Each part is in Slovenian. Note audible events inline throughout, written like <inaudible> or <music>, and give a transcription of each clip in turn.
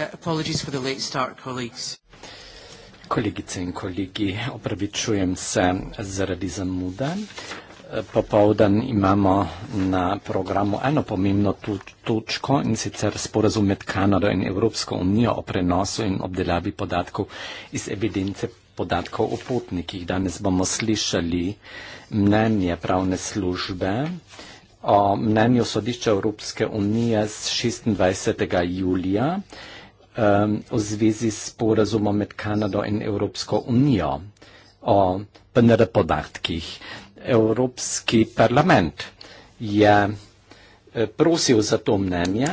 Uh, apologies for the late start, colleagues. Kolegice in kolegi, opravičujem se zaradi zamude. Eh, popovdan imamo na programu eno pomembno točko in sicer sporazum med Kanado in Evropsko unijo o prenosu in obdelavi podatkov iz evidence podatkov o potnikih. Danes bomo slišali mnenje pravne službe o mnenju sodišča Evropske unije z 26. julija um, v zvezi s porazumom med Kanado in Evropsko unijo o PNR podatkih. Evropski parlament je eh, prosil za to mnenje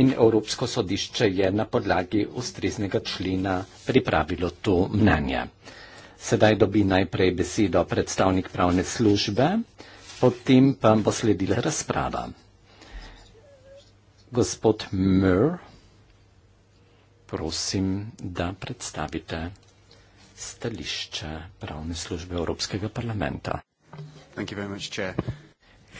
in Evropsko sodišče je na podlagi ustreznega člena pripravilo to mnenje. Sedaj dobi najprej besedo predstavnik pravne službe, potem pa bo sledila razprava. Gospod Murr prosim, da predstavite stališče pravne službe Evropskega parlamenta. Thank you very much, chair.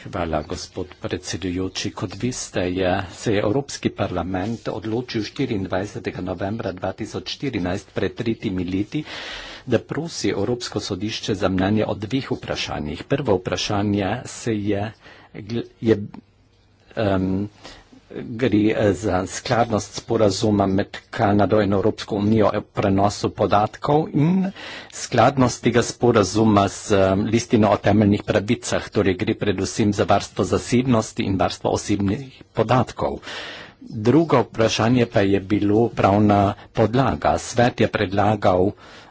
Hvala, gospod predsedujoči. Kot veste, je, se je Evropski parlament odločil 24. novembra 2014 pred tretjimi leti, da prosi Evropsko sodišče za mnenje o dveh vprašanjih. Prvo vprašanje se je, je um, gre eh, za skladnost sporazuma med Kanado in Evropsko unijo o prenosu podatkov in skladnost tega sporazuma z eh, listino o temeljnih pravicah, torej gre predvsem za varstvo zasebnosti in varstvo osebnih podatkov. Drugo vprašanje pa je bilo pravna podlaga. Svet je predlagal,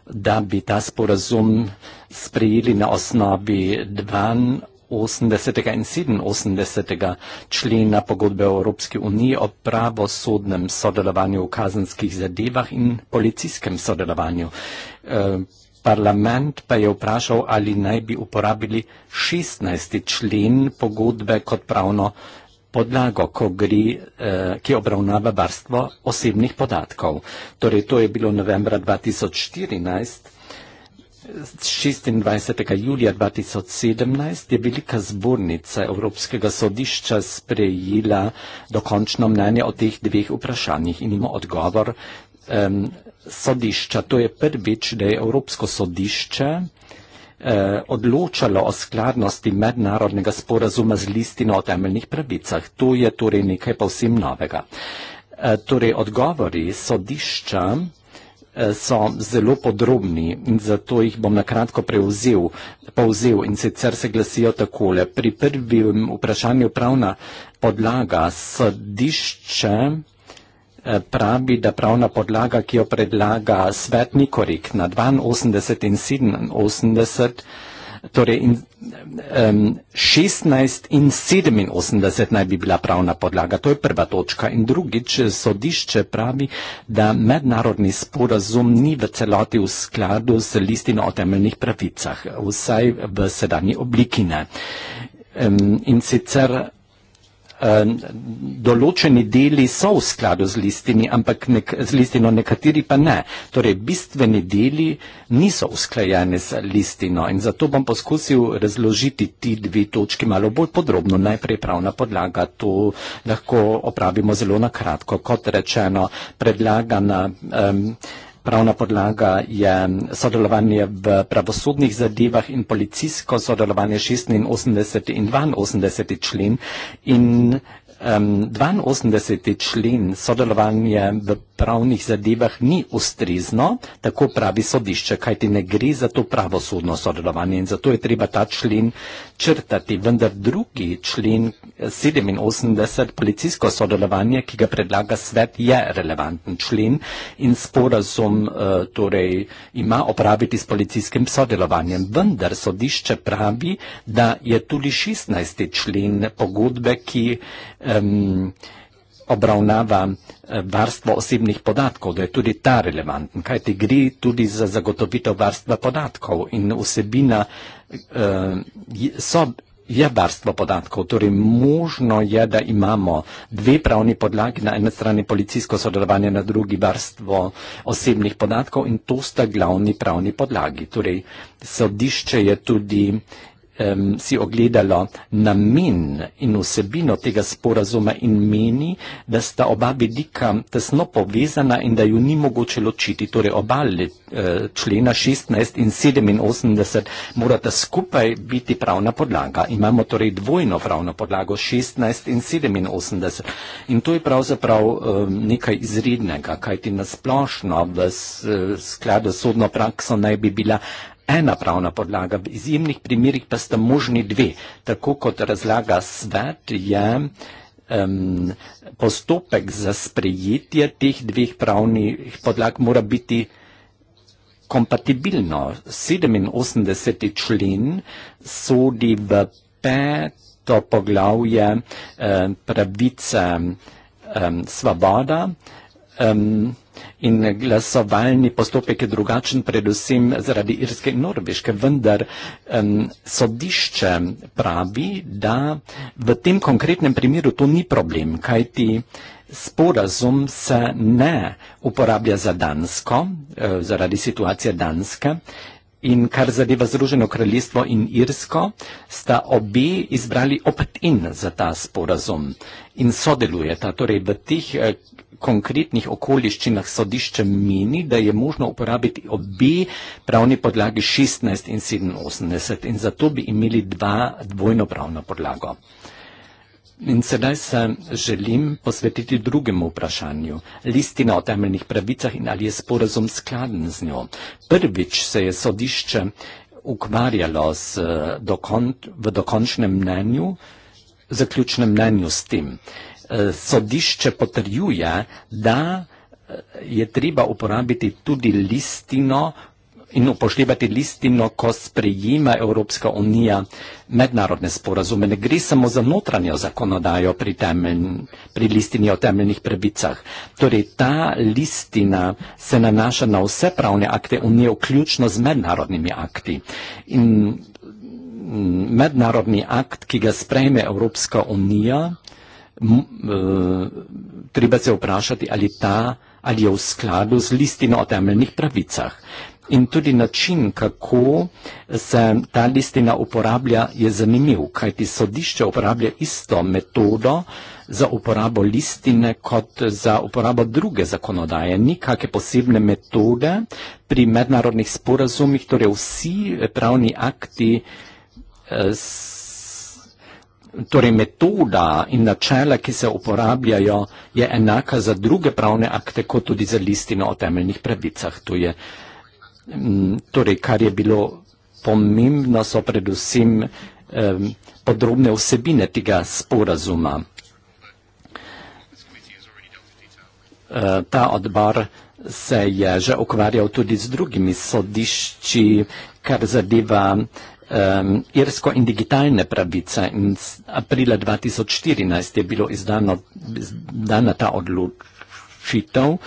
da bi ta sporazum sprejeli na osnovi 2 80. in 87. člena pogodbe o Evropski uniji o pravosodnem sodelovanju v kazenskih zadevah in policijskem sodelovanju. E, parlament pa je vprašal, ali naj bi uporabili 16. člen pogodbe kot pravno podlago, gri, e, ki obravnava varstvo osebnih podatkov. Torej, to je bilo novembra 2014. 26. julija 2017 je velika zbornica Evropskega sodišča sprejela dokončno mnenje o teh dveh vprašanjih in ima odgovor um, sodišča. To je prvič, da je Evropsko sodišče eh, odločalo o skladnosti mednarodnega sporazuma z listino o temeljnih pravicah. To je torej nekaj povsem novega. Eh, torej, odgovori sodišča Eh, so zelo podrobni in zato jih bom na kratko prevzel, povzel in sicer se glasijo takole. Pri prvem vprašanju pravna podlaga sodišče eh, pravi, da pravna podlaga, ki jo predlaga svet Nikorik na 82 in 87, torej in, um, 16 in 87 naj bi bila pravna podlaga. To je prva točka. In drugič, sodišče pravi, da mednarodni sporazum ni v celoti v skladu z listino o temeljnih pravicah, vsaj v sedanji obliki ne. Um, in sicer Ehm, določeni deli so v skladu z listini, ampak nek, z listino nekateri pa ne. Torej, bistveni deli niso usklajeni z listino in zato bom poskusil razložiti ti dve točki malo bolj podrobno. Najprej pravna podlaga, to lahko opravimo zelo na kratko. Kot rečeno, predlagana. Um, pravna podlaga je sodelovanje v pravosodnih zadevah in policijsko sodelovanje 86 in 82 člen in 82. člen sodelovanja v pravnih zadevah ni ustrezno, tako pravi sodišče, kajti ne gre za to pravosodno sodelovanje in zato je treba ta člen črtati. Vendar drugi člen 87, policijsko sodelovanje, ki ga predlaga svet, je relevanten člen in sporazum e, torej, ima opraviti s policijskim sodelovanjem. Vendar sodišče pravi, da je tudi 16. člen pogodbe, ki e, um, obravnava eh, varstvo osebnih podatkov, da je tudi ta relevanten, kajti gre tudi za zagotovitev varstva podatkov in vsebina uh, so, je varstvo podatkov, torej možno je, da imamo dve pravni podlagi, na eni strani policijsko sodelovanje, na drugi varstvo osebnih podatkov in to sta glavni pravni podlagi. Torej, sodišče je tudi uh, um, si ogledalo namen in vsebino tega sporazuma in meni, da sta oba vidika tesno povezana in da ju ni mogoče ločiti. Torej oba eh, člena 16 in 87 morata skupaj biti pravna podlaga. Imamo torej dvojno pravno podlago 16 in 87 in to je pravzaprav um, nekaj izrednega, kajti nasplošno v eh, skladu s sodno prakso naj bi bila ena pravna podlaga, v izjemnih primerjih pa sta možni dve. Tako kot razlaga svet, je um, postopek za sprejetje teh dveh pravnih podlag mora biti kompatibilno. 87. člen sodi v peto poglavje um, pravice um, svoboda um, in glasovalni postopek je drugačen predvsem zaradi Irske in Norveške, vendar um, sodišče pravi, da v tem konkretnem primeru to ni problem, kajti sporazum se ne uporablja za Dansko, uh, zaradi situacije Danske. In kar zadeva Združeno kraljestvo in Irsko, sta obe izbrali opt-in za ta sporazum in sodelujeta. Torej, v teh eh, konkretnih okoliščinah sodišče meni, da je možno uporabiti obe pravni podlagi 16 in 87 in zato bi imeli dva dvojno pravno podlago. In sedaj se želim posvetiti drugemu vprašanju. Listina o temeljnih pravicah in ali je sporazum skladen z njo. Prvič se je sodišče ukvarjalo z, eh, dokon, v dokončnem mnenju, zaključnem mnenju s tem. Eh, sodišče potrjuje, da eh, je treba uporabiti tudi listino, in upoštevati listino, ko sprejima Evropska unija mednarodne sporazume. Ne gre samo za notranjo zakonodajo pri, temeljn, pri listini o temeljnih pravicah. Torej, ta listina se nanaša na vse pravne akte unije, vključno z mednarodnimi akti. In mm, mednarodni akt, ki ga sprejme Evropska unija, e, treba se vprašati, ali, ta, ali je v skladu z listino o temeljnih pravicah. In tudi način, kako se ta listina uporablja, je zanimiv, kajti sodišče uporablja isto metodo za uporabo listine kot za uporabo druge zakonodaje. Nikake posebne metode pri mednarodnih sporazumih, torej vsi pravni akti, eh, torej metoda in načela, ki se uporabljajo, je enaka za druge pravne akte kot tudi za listino o temeljnih pravicah. To je Mm, torej, kar je bilo pomembno, so predvsem podrobne vsebine tega sporazuma. E, ta odbor se je že ukvarjal tudi z drugimi sodišči, kar zadeva irsko in digitalne pravice. In aprila 2014 je bilo izdana ta odločitev.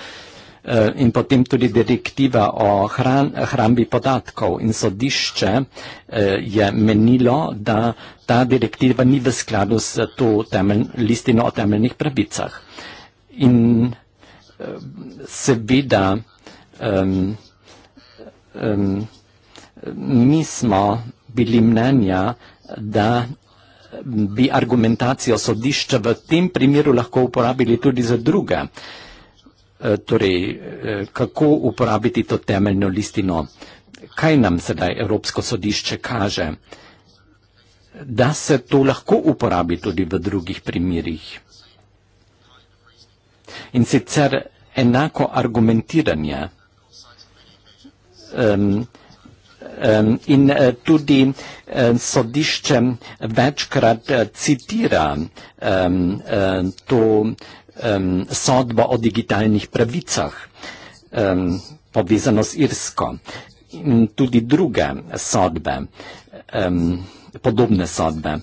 Eh, in potem tudi direktiva o hran, hrambi podatkov in sodišče eh, je menilo, da ta direktiva ni v skladu s to temelj, listino o temeljnih pravicah. In eh, seveda um, um, mi smo bili mnenja, da bi argumentacijo sodišča v tem primeru lahko uporabili tudi za druge uh, Eh, torej, eh, kako uporabiti to temeljno listino. Kaj nam sedaj Evropsko sodišče kaže? Da se to lahko uporabi tudi v drugih primirjih. In sicer enako argumentiranje. Um, um, in eh, tudi um, sodišče večkrat citira um, um, to um, sodbo o digitalnih pravicah um, povezano z Irsko. In tudi druge sodbe, um, podobne sodbe.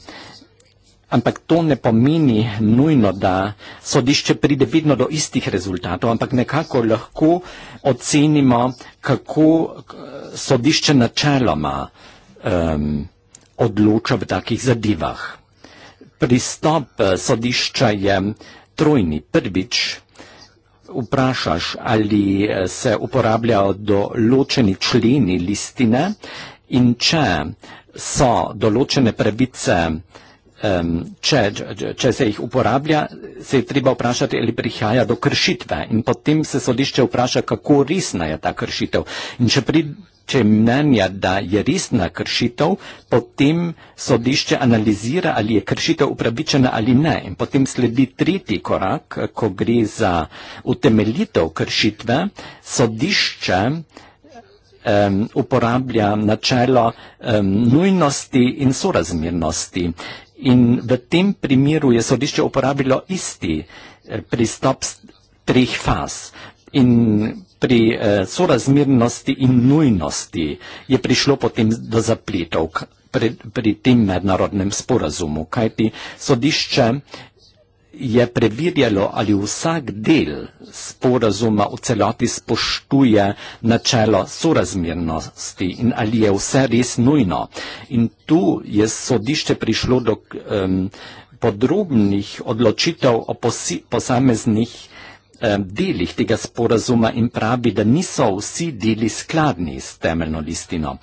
Ampak to ne pomeni nujno, da sodišče pride vedno do istih rezultatov, ampak nekako lahko ocenimo, kako eh, sodišče načeloma um, odloča v takih zadevah. Pristop eh, sodišča je strojni prvič vprašaš, ali eh, se uporabljajo določeni členi listine in če so določene pravice um, če, če se jih uporablja, se je treba vprašati, ali prihaja do kršitve in potem se sodišče vpraša, kako resna je ta kršitev. In če priče mnenja, da je resna kršitev, potem sodišče analizira, ali je kršitev upravičena ali ne. In potem sledi tretji korak, ko gre za utemeljitev kršitve, sodišče Um, uporablja načelo um, nujnosti in sorazmernosti. In v tem primeru je sodišče uporabilo isti eh, pristop treh faz. In pri eh, sorazmernosti in nujnosti je prišlo potem do zapletov pri, pri tem mednarodnem sporazumu, kajti sodišče je preverjalo, ali vsak del sporazuma v celoti spoštuje načelo sorazmernosti in ali je vse res nujno. In tu je sodišče prišlo do um, podrobnih odločitev o posi, posameznih um, delih tega sporazuma in pravi, da niso vsi deli skladni s temeljno listino.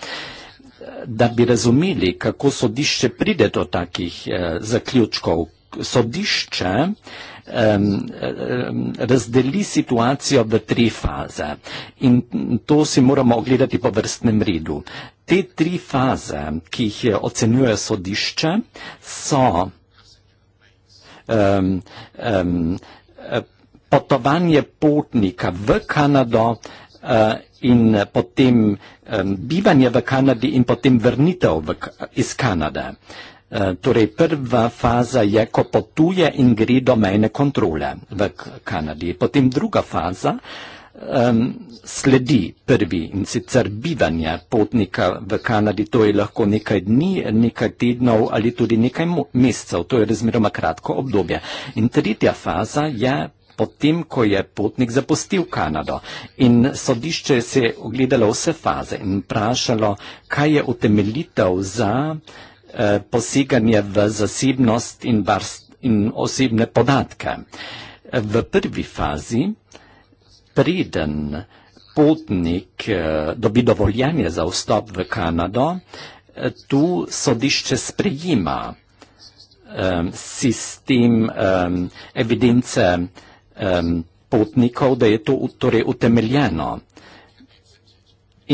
Da bi razumeli, kako sodišče pride do takih eh, zaključkov, sodišče um, razdeli situacijo v tri faze in to si moramo ogledati po vrstnem redu. Te tri faze, ki jih ocenjuje sodišče, so um, um, potovanje potnika v Kanado uh, in potem um, bivanje v Kanadi in potem vrnitev v, iz Kanade. Uh, Eh, torej prva faza je, ko potuje in gre do mejne kontrole v Kanadi. Potem druga faza um, sledi prvi in sicer bivanje potnika v Kanadi. To je lahko nekaj dni, nekaj tednov ali tudi nekaj mesecev. To je razmeroma kratko obdobje. In tretja faza je potem, ko je potnik zapustil Kanado in sodišče se je ogledalo vse faze in vprašalo, kaj je utemeljitev za Eh, poseganje v zasebnost in, barst, in osebne podatke. V prvi fazi, preden potnik eh, dobi dovoljenje za vstop v Kanado, eh, tu sodišče sprejima sistem evidence potnikov, da je to torej utemeljeno.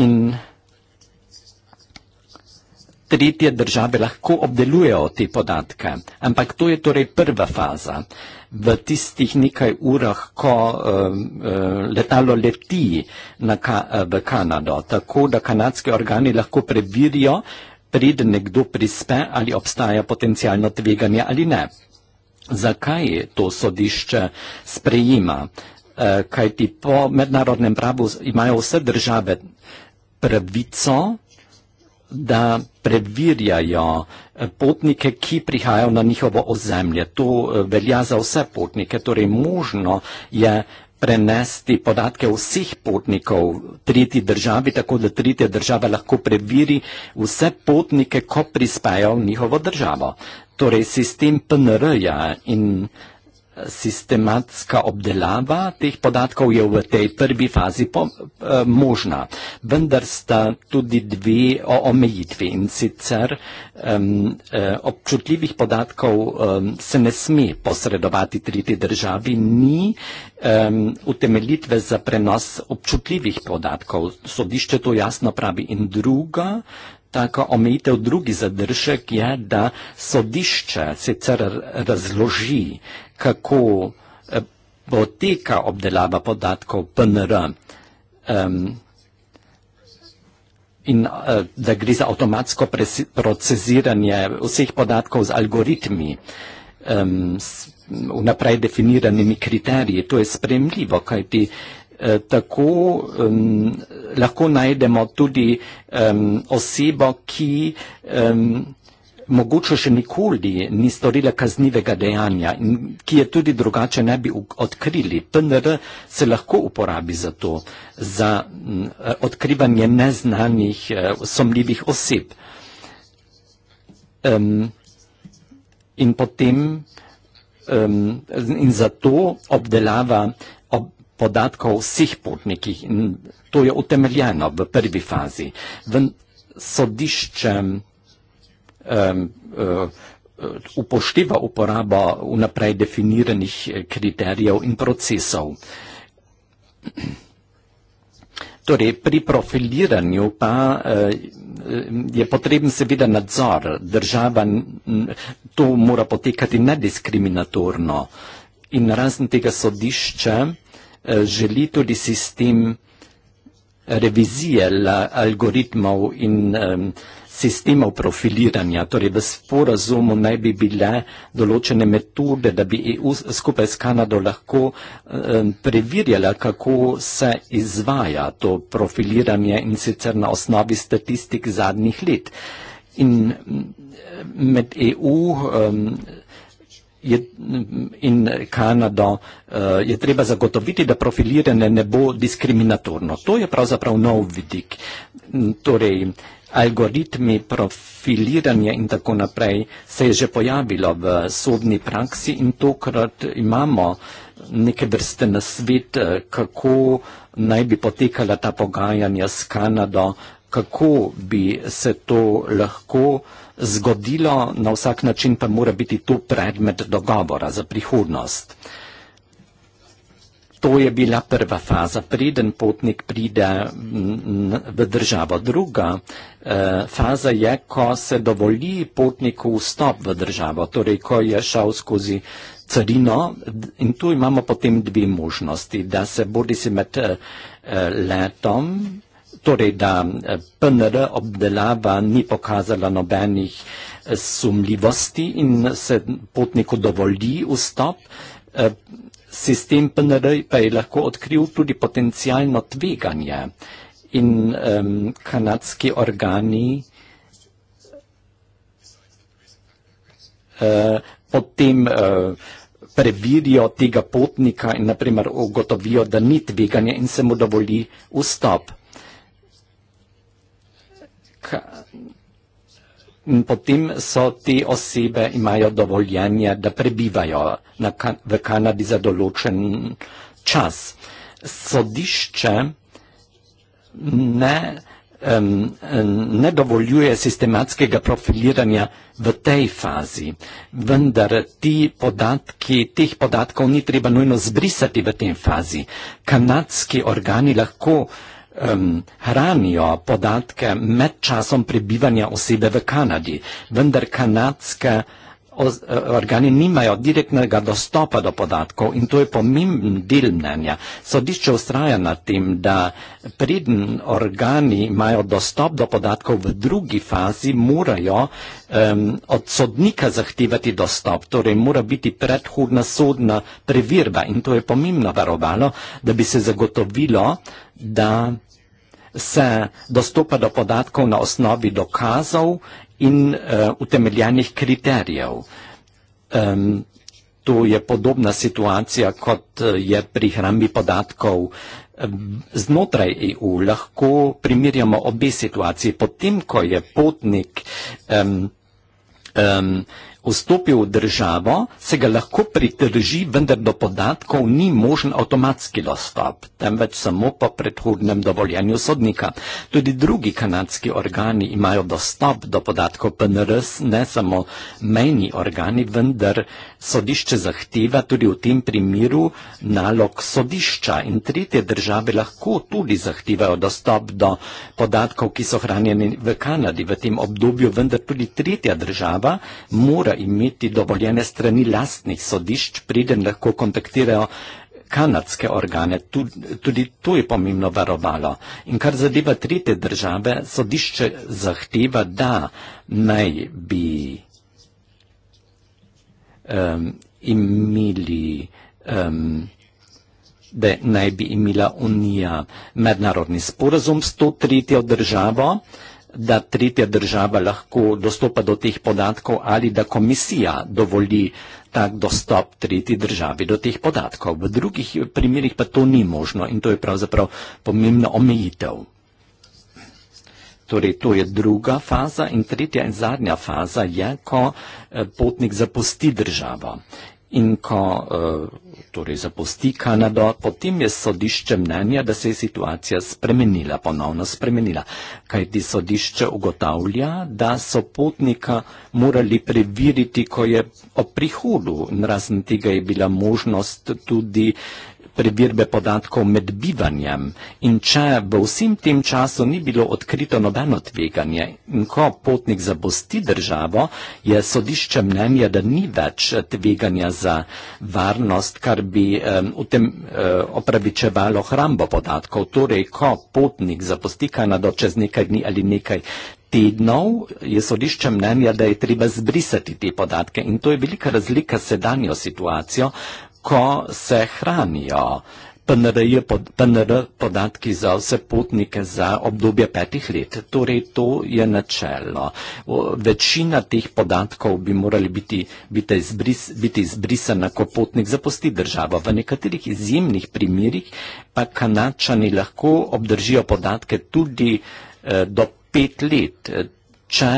In tretje države lahko obdelujejo te podatke. Ampak to je torej prva faza. V tistih nekaj urah, ko uh, uh, letalo leti na ka, uh, v Kanado, tako da kanadske organi lahko preverijo, preden nekdo prispe, ali obstaja potencijalno tveganje ali ne. Zakaj to sodišče sprejima? Uh, kajti po mednarodnem pravu imajo vse države pravico, da predvirjajo eh, potnike, ki prihajajo na njihovo ozemlje. To eh, velja za vse potnike, torej možno je prenesti podatke vseh potnikov tretji državi, tako da tretja država lahko previri vse potnike, ko prispejo v njihovo državo. Torej sistem PNR-ja in sistematska obdelava teh podatkov je v tej prvi fazi po, eh, možna, vendar sta tudi dve o omejitvi in sicer eh, občutljivih podatkov eh, se ne sme posredovati tretji državi, ni eh, utemeljitve za prenos občutljivih podatkov. Sodišče to jasno pravi in druga tako omejitev drugi zadržek je, da sodišče sicer razloži, kako eh, poteka obdelava podatkov PNR um, in eh, da gre za avtomatsko proceziranje vseh podatkov z algoritmi. Um, s, vnaprej definiranimi kriteriji. To je spremljivo, kajti Eh, tako um, lahko najdemo tudi um, osebo, ki um, mogoče še nikoli ni storila kaznivega dejanja in ki je tudi drugače ne bi odkrili. PNR se lahko uporabi za to, za odkrivanje neznanih, eh, somljivih oseb. Um, in potem um, in zato obdelava uh, podatkov vseh potnikih in to je utemeljeno v prvi fazi. V sodišče um, um, upošteva uporabo vnaprej definiranih eh, kriterijev in procesov. Torej, pri profiliranju pa eh, je potreben seveda nadzor. Država to mora potekati nediskriminatorno in razen tega sodišča Eh, želi tudi sistem revizije algoritmov in sistemov profiliranja. Torej v sporazumu naj bi bile določene metode, da bi EU skupaj s Kanado lahko preverjala, kako se izvaja to profiliranje in sicer na osnovi statistik zadnjih let. In med EU je, in Kanado uh, je treba zagotoviti, da profiliranje ne bo diskriminatorno. To je pravzaprav nov vidik. Torej, algoritmi profiliranja in tako naprej se je že pojavilo v sodni praksi in tokrat imamo neke vrste na svet, eh, kako naj bi potekala ta pogajanja s Kanado, kako bi se to lahko uh, zgodilo, na vsak način pa mora biti tu predmet dogovora za prihodnost. To je bila prva faza, preden potnik pride v državo. Druga eh, faza je, ko se dovoli potniku vstop v državo, torej ko je šel skozi carino in tu imamo potem dve možnosti, da se bodi si med eh, eh, letom torej da eh, PNR obdelava ni pokazala nobenih eh, sumljivosti in se potniku dovoli vstop. Eh, sistem PNR pa je lahko odkril tudi potencijalno tveganje in um, kanadski organi uh, potem uh, preverijo tega potnika in naprimer ugotovijo, da ni tveganja in se mu dovoli vstop potem so te osebe, imajo dovoljenje, da prebivajo na, v Kanadi za določen čas. Sodišče ne, um, ne dovoljuje sistematskega profiliranja v tej fazi, vendar ti podatki, teh podatkov ni treba nujno zbrisati v tej fazi. Kanadski organi lahko hranijo podatke med časom prebivanja osebe v Kanadi, vendar kanadske Eh, organi nimajo direktnega dostopa do podatkov in to je pomemben del mnenja. Sodišče ustraja na tem, da preden organi imajo dostop do podatkov v drugi fazi, morajo um, od sodnika zahtevati dostop, torej mora biti predhodna sodna previrba in to je pomembno varovalo, da bi se zagotovilo, da se dostopa do podatkov na osnovi dokazov in uh, utemeljenih kriterijev. Um, to je podobna situacija, kot eh, je pri hrambi podatkov znotraj EU. Lahko primerjamo obe situaciji. Potem, ko je potnik um, um, vstopil v državo, se ga lahko pridrži, vendar do podatkov ni možen avtomatski dostop, temveč samo po predhodnem dovoljenju sodnika. Tudi drugi kanadski organi imajo dostop do podatkov PNRS, ne samo mejni organi, vendar Sodišče zahteva tudi v tem primeru nalog sodišča in tretje države lahko tudi zahtevajo dostop do podatkov, ki so hranjeni v Kanadi v tem obdobju, vendar tudi tretja država mora imeti dovoljene strani lastnih sodišč, preden lahko kontaktirajo kanadske organe. Tudi, tudi to je pomembno varovalo. In kar zadeva tretje države, sodišče zahteva, da naj bi um, imeli, um, da naj bi imela Unija mednarodni sporazum s to tretjo državo, da tretja država lahko dostopa do teh podatkov ali da komisija dovoli tak dostop tretji državi do teh podatkov. V drugih primerjih pa to ni možno in to je pravzaprav pomembna omejitev. Torej, to je druga faza in tretja in zadnja faza je, ko eh, potnik zapusti državo. In ko eh, torej, zapusti Kanado, potem je sodišče mnenja, da se je situacija spremenila, ponovno spremenila. Kaj ti sodišče ugotavlja, da so potnika morali preveriti, ko je o prihodu, razen tega je bila možnost tudi prebirbe podatkov med bivanjem in če v vsem tem času ni bilo odkrito nobeno tveganje in ko potnik zapusti državo, je sodišče mnenje, da ni več tveganja za varnost, kar bi v um, tem uh, opravičevalo hrambo podatkov. Torej, ko potnik zapusti Kanado čez nekaj dni ali nekaj tednov, je sodišče mnenja, da je treba zbrisati te podatke in to je velika razlika sedanjo situacijo ko se hranijo PNR podatki za vse potnike za obdobje petih let. Torej, to je načelo. Večina teh podatkov bi morali biti, biti, izbris, biti izbrisana, ko potnik zapusti državo. V nekaterih izjemnih primerjih pa kanačani lahko obdržijo podatke tudi eh, do pet let, e, če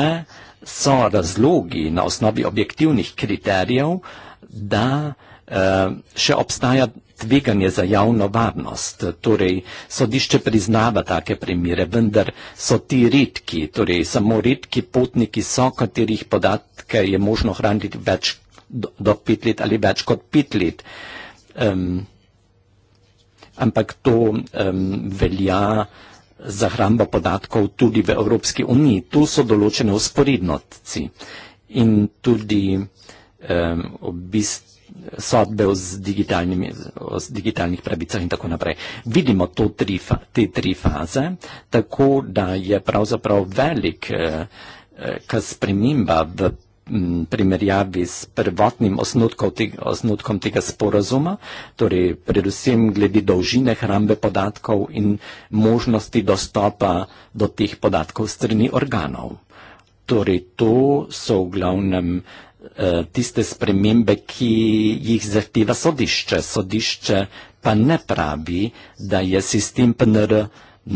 so razlogi na osnovi objektivnih kriterijev, da Eh, še obstaja tveganje za javno varnost. Torej, sodišče priznava take primere, vendar so ti redki, torej samo redki potniki so, katerih podatke je možno hraniti več do, do pet let ali več kot pet let. Um, ampak to um, velja za hrambo podatkov tudi v Evropski uniji. Tu so določene usporednosti in tudi um, v bistvu sodbe z, z digitalnih pravicah in tako naprej. Vidimo tri fa, te tri faze, tako da je pravzaprav velik eh, eh sprememba v m, primerjavi s prvotnim osnutkom, te, osnutkom tega sporazuma, torej predvsem glede dolžine hrambe podatkov in možnosti dostopa do teh podatkov strani organov. Torej, to so v glavnem eh, Eh, tiste spremembe, ki jih zahteva sodišče. Sodišče pa ne pravi, da je sistem PNR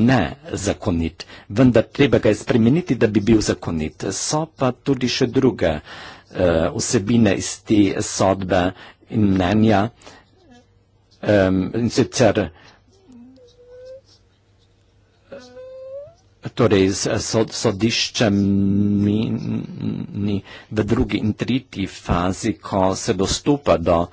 nezakonit, vendar treba ga je spremeniti, da bi bil zakonit. So pa tudi še druge uh, vsebine iz te sodbe in mnenja, um, in sicer uh, torej z sod, sodiščami v drugi in tretji fazi, ko se dostopa do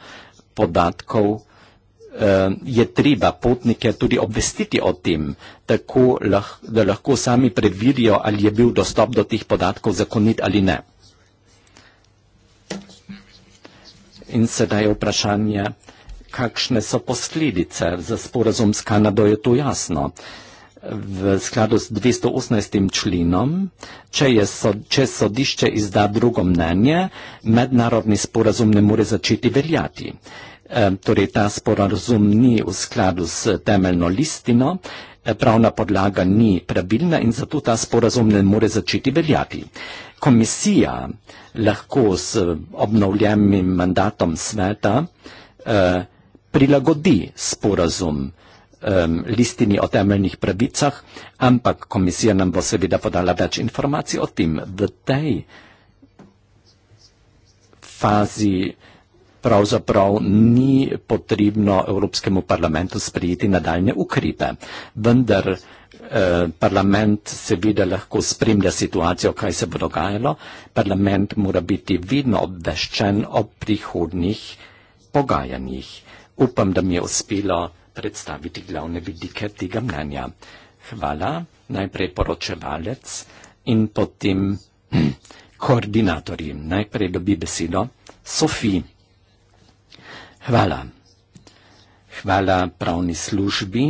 podatkov, eh, je treba potnike tudi obvestiti o tem, tako lahko, da lahko sami preverijo, ali je bil dostop do teh podatkov zakonit ali ne. In sedaj je vprašanje, kakšne so posledice za sporazum s Kanado, je to jasno. Uh, v skladu s 218. členom, če, je so, če sodišče izda drugo mnenje, mednarodni sporazum ne more začeti veljati. E, torej ta sporazum ni v skladu s temeljno listino, e, pravna podlaga ni pravilna in zato ta sporazum ne more začeti veljati. Komisija lahko s obnovljenim mandatom sveta e, prilagodi sporazum, um, listini o temeljnih pravicah, ampak komisija nam bo seveda podala več informacij o tem. V tej fazi pravzaprav ni potrebno Evropskemu parlamentu sprejeti nadaljne ukrepe. Vendar eh, parlament seveda lahko spremlja situacijo, kaj se bo dogajalo. Parlament mora biti vedno obveščen o prihodnih pogajanjih. Upam, da mi je uspelo predstaviti glavne vidike tega mnenja. Hvala, najprej poročevalec in potem <clears throat> koordinatorji. Najprej dobi besedo Sofi. Hvala. Hvala pravni službi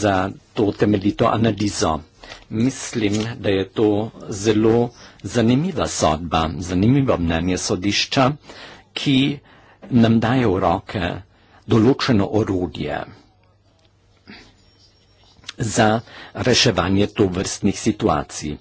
za to temeljito analizo. Mislim, da je to zelo zanimiva sodba, zanimivo mnenje sodišča, ki nam daje v roke določeno orodje za reševanje tovrstnih situacij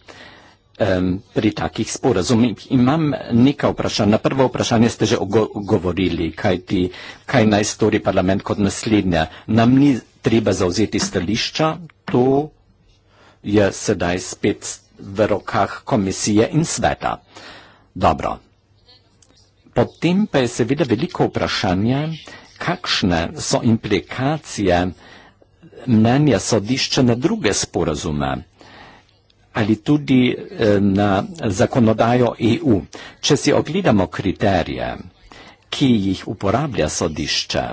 pri takih sporazumih. Imam nekaj vprašanj. Na prvo vprašanje ste že govorili, kaj, ti, kaj naj stori parlament kot naslednja. Nam ni treba zauzeti stališča, to je sedaj spet v rokah komisije in sveta. Dobro. Potem pa je seveda veliko vprašanje, kakšne so implikacije mnenja sodišča na druge sporazume ali tudi eh, na zakonodajo EU. Če si ogledamo kriterije, ki jih uporablja sodišče,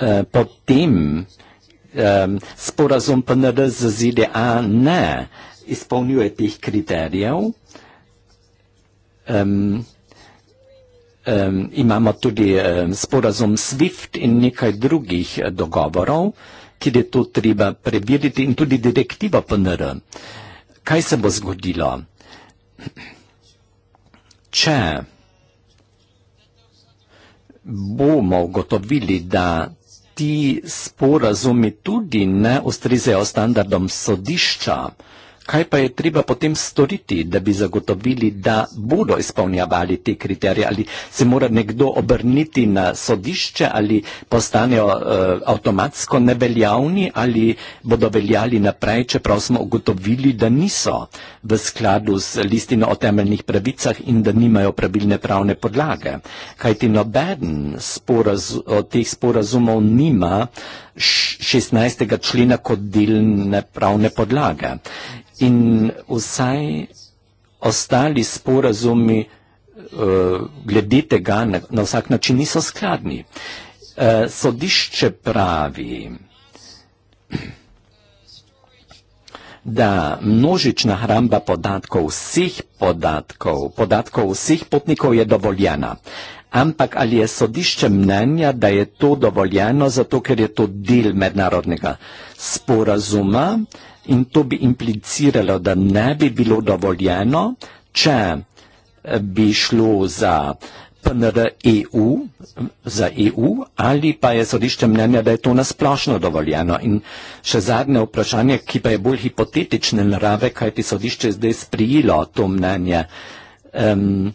eh, potem eh, sporazum PNR z ZDA ne izpolnjuje teh kriterijev, ne izpolnjuje teh kriterijev, um, imamo tudi um, sporazum SWIFT in nekaj drugih eh, dogovorov, ki je to treba preveriti in tudi direktiva PNR. Kaj se bo zgodilo? Če bomo ugotovili, da ti sporazumi tudi ne ustrezajo standardom sodišča, kaj pa je treba potem storiti, da bi zagotovili, da bodo izpolnjavali te kriterije? Ali se mora nekdo obrniti na sodišče ali postanejo uh, avtomatsko neveljavni ali bodo veljali naprej, čeprav smo ugotovili, da niso v skladu z listino o temeljnih pravicah in da nimajo pravilne pravne podlage? Kaj ti noben sporaz, teh sporazumov nima? Uh, 16. člena kot delne pravne podlage. In vsaj ostali sporazumi eh, glede tega na vsak način niso skladni. Eh, sodišče pravi, da množična hramba podatkov, vseh podatkov, podatkov vseh potnikov je dovoljena, ampak ali je sodišče mnenja, da je to dovoljeno, zato ker je to del mednarodnega sporazuma in to bi impliciralo, da ne bi bilo dovoljeno, če eh, bi šlo za PNR EU, za EU ali pa je sodišče mnenja, da je to nasplošno dovoljeno. In še zadnje vprašanje, ki pa je bolj hipotetične narave, kaj ti sodišče zdaj sprijelo to mnenje. Um,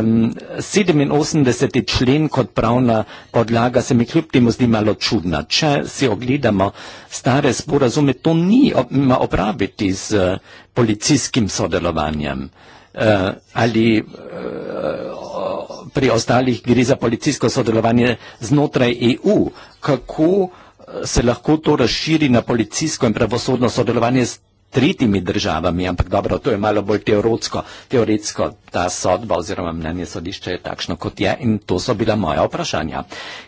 um, 87 člen kot pravna podlaga se mi kljub temu zdi malo čudna. Če si ogledamo stare sporazume, to ni opraviti z policijskim sodelovanjem. Uh, ali uh, pri ostalih gre za policijsko sodelovanje znotraj EU, kako e, se lahko to razširi na policijsko in pravosodno sodelovanje tretjimi državami, ampak dobro, to je malo bolj teoretsko. Teoretsko ta sodba oziroma mnenje sodišča je takšno, kot je in to so bila moja vprašanja.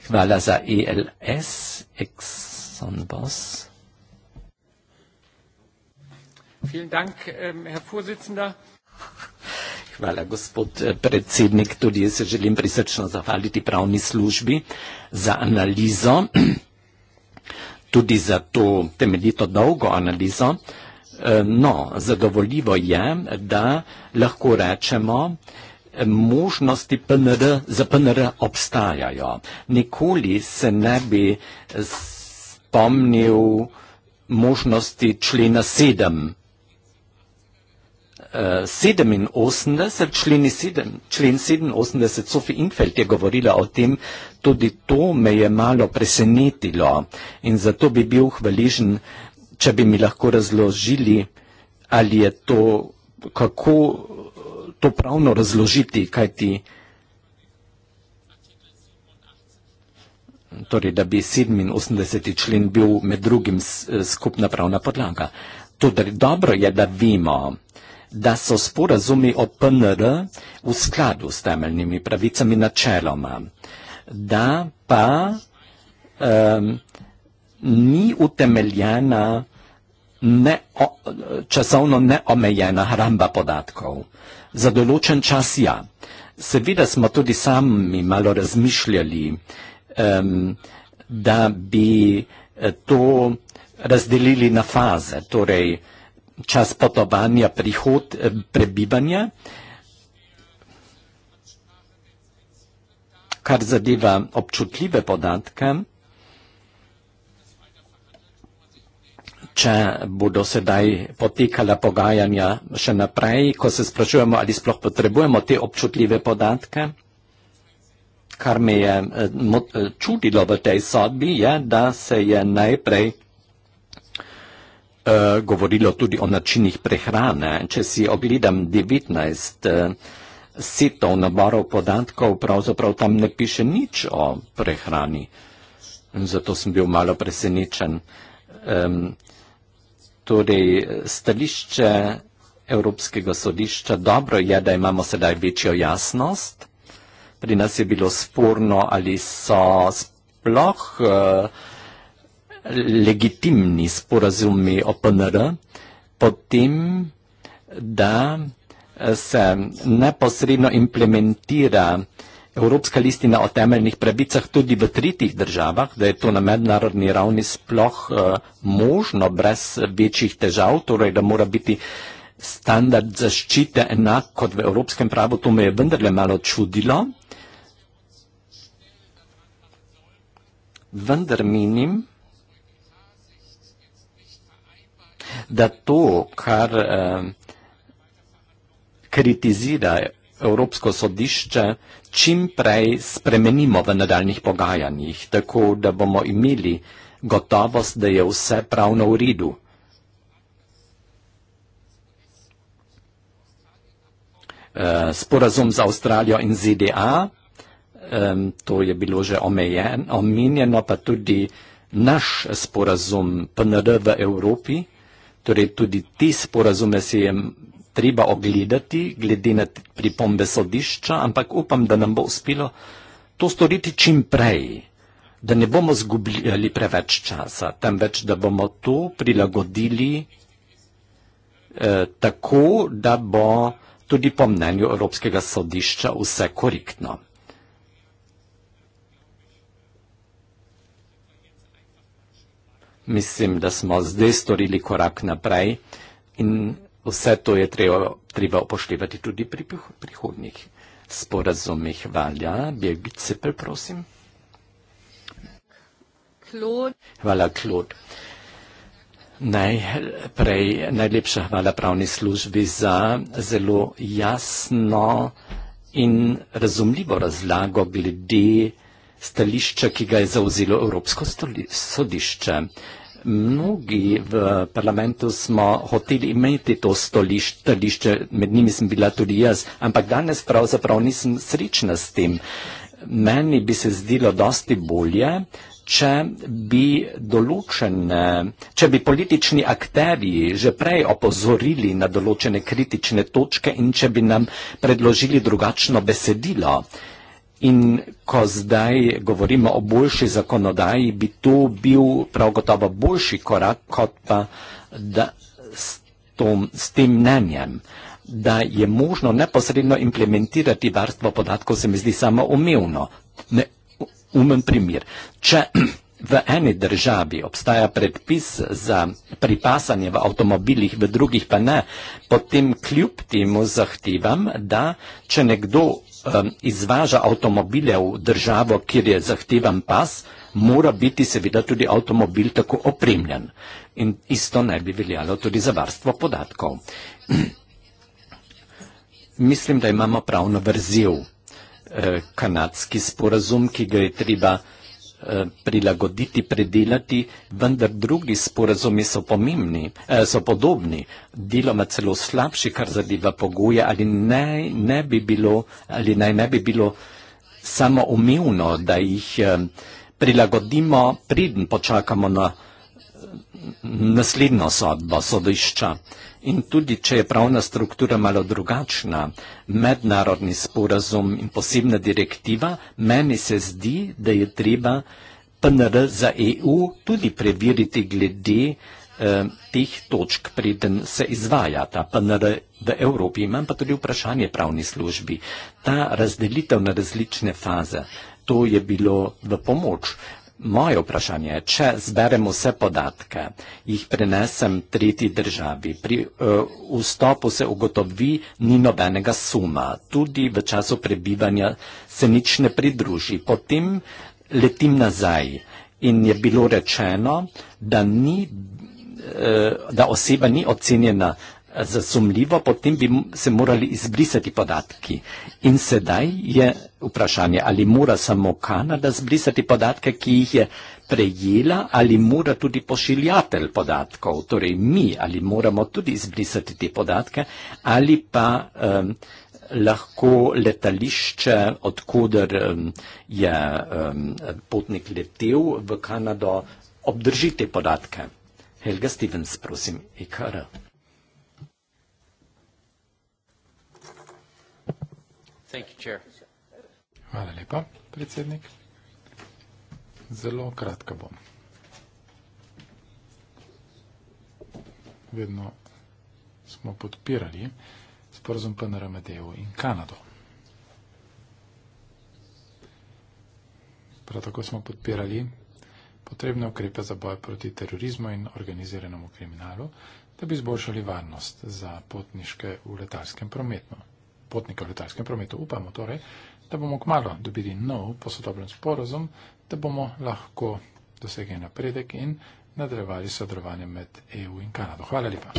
Hvala za ELS, Exxon Boss. Ähm, Hvala, gospod eh, predsednik. Tudi jaz se želim prisrčno zahvaliti pravni službi za analizo, <clears throat> tudi za to temeljito dolgo analizo. Eh, no, zadovoljivo je, da lahko rečemo, eh, možnosti PNR, za PNR obstajajo. Nikoli se ne bi spomnil možnosti člena 7. 87, eh, členi 7, člen 87, Sofi Infeld je govorila o tem, tudi to me je malo presenetilo in zato bi bil hvaležen če bi mi lahko razložili, ali je to, kako to pravno razložiti, kaj ti, torej, da bi 87. člen bil med drugim skupna pravna podlaga. Tudi dobro je, da vimo, da so sporazumi o PNR v skladu s temeljnimi pravicami načeloma, da pa um, ni utemeljena ne, o, časovno neomejena hramba podatkov. Za določen čas ja. Seveda smo tudi sami malo razmišljali, um, da bi eh, to razdelili na faze, torej čas potovanja, prihod, eh, prebivanja. Kar zadeva občutljive podatke, če bodo sedaj potekala pogajanja še naprej, ko se sprašujemo, ali sploh potrebujemo te občutljive podatke. Kar me je eh, eh, čudilo v tej sodbi, je, da se je najprej eh, govorilo tudi o načinih prehrane. Če si ogledam 19 setov naborov podatkov, pravzaprav tam ne piše nič o prehrani. Zato sem bil malo presenečen. Torej, stališče Evropskega sodišča dobro je, da imamo sedaj večjo jasnost. Pri nas je bilo sporno, ali so sploh eh, legitimni sporazumi OPNR, potem, da eh, se neposredno implementira uh, Evropska listina o temeljnih pravicah tudi v tretjih državah, da je to na mednarodni ravni sploh uh, možno brez večjih težav, torej da mora biti standard zaščite enak kot v evropskem pravu, to me je vendarle malo čudilo. Vendar menim, da to, kar uh, kritizirajo, Evropsko sodišče čim prej spremenimo v nadaljnih pogajanjih, tako da bomo imeli gotovost, da je vse pravno v redu. Eh, sporazum z Avstralijo in ZDA, to je bilo že omenjeno, pa tudi naš sporazum PNR v Evropi, torej tudi ti sporazume se je treba ogledati, glede na pripombe sodišča, ampak upam, da nam bo uspelo to storiti čim prej, da ne bomo zgubljali preveč časa, temveč da bomo to prilagodili eh, tako, da bo tudi po mnenju Evropskega sodišča vse korektno. Mislim, da smo zdaj storili korak naprej in Vse to je treba, treba upoštevati tudi pri prihodnjih sporazumih. Valja, bjegit se preprosim. Klod. Hvala, Klod. Najprej najlepša hvala pravni službi za zelo jasno in razumljivo razlago glede stališča, ki ga je zauzelo Evropsko sodišče. Mnogi v parlamentu smo hoteli imeti to stališče, med njimi sem bila tudi jaz, ampak danes pravzaprav nisem srečna s tem. Meni bi se zdelo dosti bolje, če bi, določene, če bi politični akterji že prej opozorili na določene kritične točke in če bi nam predložili drugačno besedilo. In ko zdaj govorimo o boljši zakonodaji, bi to bil prav gotovo boljši korak, kot pa da s, to, s tem mnenjem, da je možno neposredno implementirati varstvo podatkov, se mi zdi samo umevno. Ne, umen primer. Če v eni državi obstaja predpis za pripasanje v avtomobilih, v drugih pa ne, potem kljub temu zahtevam, da če nekdo izvaža avtomobile v državo, kjer je zahtevan pas, mora biti seveda tudi avtomobil tako opremljen. In isto naj bi veljalo tudi za varstvo podatkov. <clears throat> Mislim, da imamo pravno vrzel eh, kanadski sporazum, ki ga je treba Eh, prilagoditi, predelati, vendar drugi sporazumi so pomembni, eh, so podobni, deloma celo slabši, kar zadeva pogoje, ali naj ne bi bilo, ali naj ne bi bilo samo umevno, da jih eh, prilagodimo, preden počakamo na naslednjo sodbo, sodišča. In tudi, če je pravna struktura malo drugačna, mednarodni sporazum in posebna direktiva, meni se zdi, da je treba PNR za EU tudi preveriti glede eh, teh točk, preden se izvaja ta PNR v Evropi. Imam pa tudi vprašanje pravni službi. Ta razdelitev na različne faze, to je bilo v pomoč. Moje vprašanje je, če zberem vse podatke, jih prenesem tretji državi, pri uh, vstopu se ugotovi, ni nobenega suma, tudi v času prebivanja se nič ne pridruži, potem letim nazaj in je bilo rečeno, da, ni, uh, da oseba ni ocenjena uh, zasumljivo, potem bi se morali izbrisati podatki. In sedaj je vprašanje, ali mora samo Kanada zbrisati podatke, ki jih je prejela, ali mora tudi pošiljatelj podatkov, torej mi, ali moramo tudi izbrisati te podatke, ali pa um, lahko letališče, odkuder um, je um, potnik letel v Kanado, obdrži te podatke. Helga Stevens, prosim, IKR. E Thank you, chair. Hvala lepa, predsednik. Zelo kratka bom. Vedno smo podpirali sporozum PNR med EU in Kanado. Prav tako smo podpirali potrebne ukrepe za boj proti terorizmu in organiziranemu kriminalu, da bi izboljšali varnost za potniške v letalskem prometu potnika v letalskem prometu. Upamo torej, da bomo kmalo dobili nov posodobljen sporozum, da bomo lahko dosegli napredek in nadaljevali sodelovanje med EU in Kanado. Hvala lepa.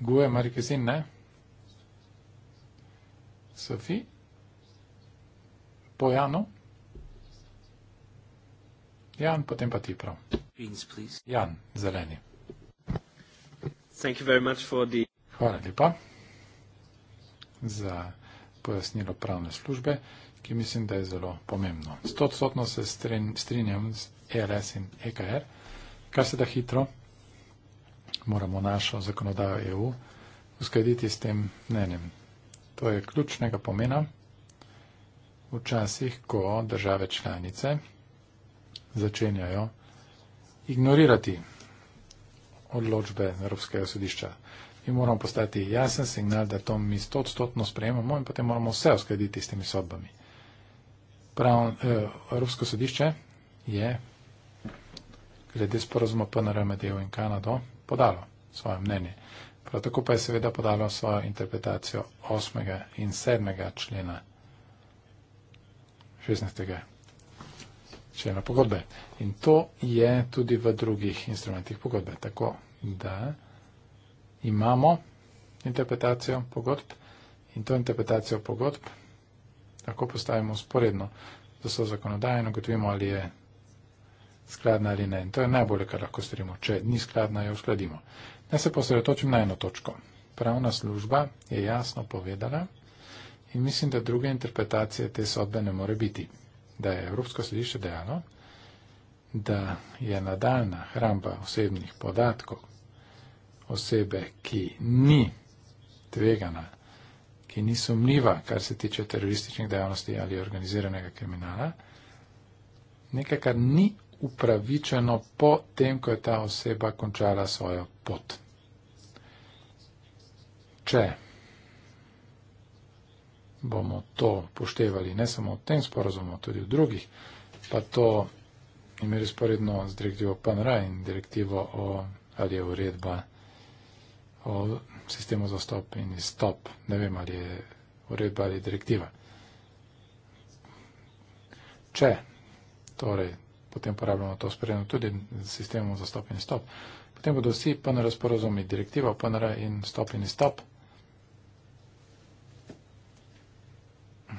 Gue, Mari Kristine, ne? Sofi? Pojano? Jan, potem pa ti prav. Beans, Jan, zeleni. The... Hvala lepa za pojasnilo pravne službe, ki mislim, da je zelo pomembno. Stotsotno se strinjam z ERS in EKR. Kar se da hitro, moramo našo zakonodajo EU uskladiti s tem mnenjem. To je ključnega pomena. Včasih, ko države članice začenjajo ignorirati odločbe Evropskega sodišča. Mi moramo postati jasen signal, da to mi stotstotno sprejemamo in potem moramo vse uskladiti s temi sodbami. Prav, eh, Evropsko sodišče je glede sporozuma PNR med EU in Kanado podalo svoje mnenje. Prav tako pa je seveda podalo svojo interpretacijo 8. in 7. člena 16 člena pogodbe. In to je tudi v drugih instrumentih pogodbe. Tako da imamo interpretacijo pogodb in to interpretacijo pogodb lahko postavimo sporedno za so zakonodaje in ugotovimo, ali je skladna ali ne. In to je najbolje, kar lahko storimo. Če ni skladna, jo uskladimo. Naj se posredotočim na eno točko. Pravna služba je jasno povedala in mislim, da druge interpretacije te sodbe ne more biti da je Evropsko sodišče dejalo, da je nadaljna hramba osebnih podatkov osebe, ki ni tvegana, ki ni sumljiva, kar se tiče terorističnih dejavnosti ali organiziranega kriminala, nekaj, kar ni upravičeno po tem, ko je ta oseba končala svojo pot. Če bomo to poštevali, ne samo v tem sporozumu, tudi v drugih, pa to imeli sporedno z direktivo PNR-a in direktivo o, ali je uredba o sistemu za stop in stop, ne vem, ali je uredba ali direktiva. Če torej potem porabljamo to sporedno tudi z sistemom za stop in stop, potem bodo vsi PNR sporozumi, direktiva PNR in stop in stop.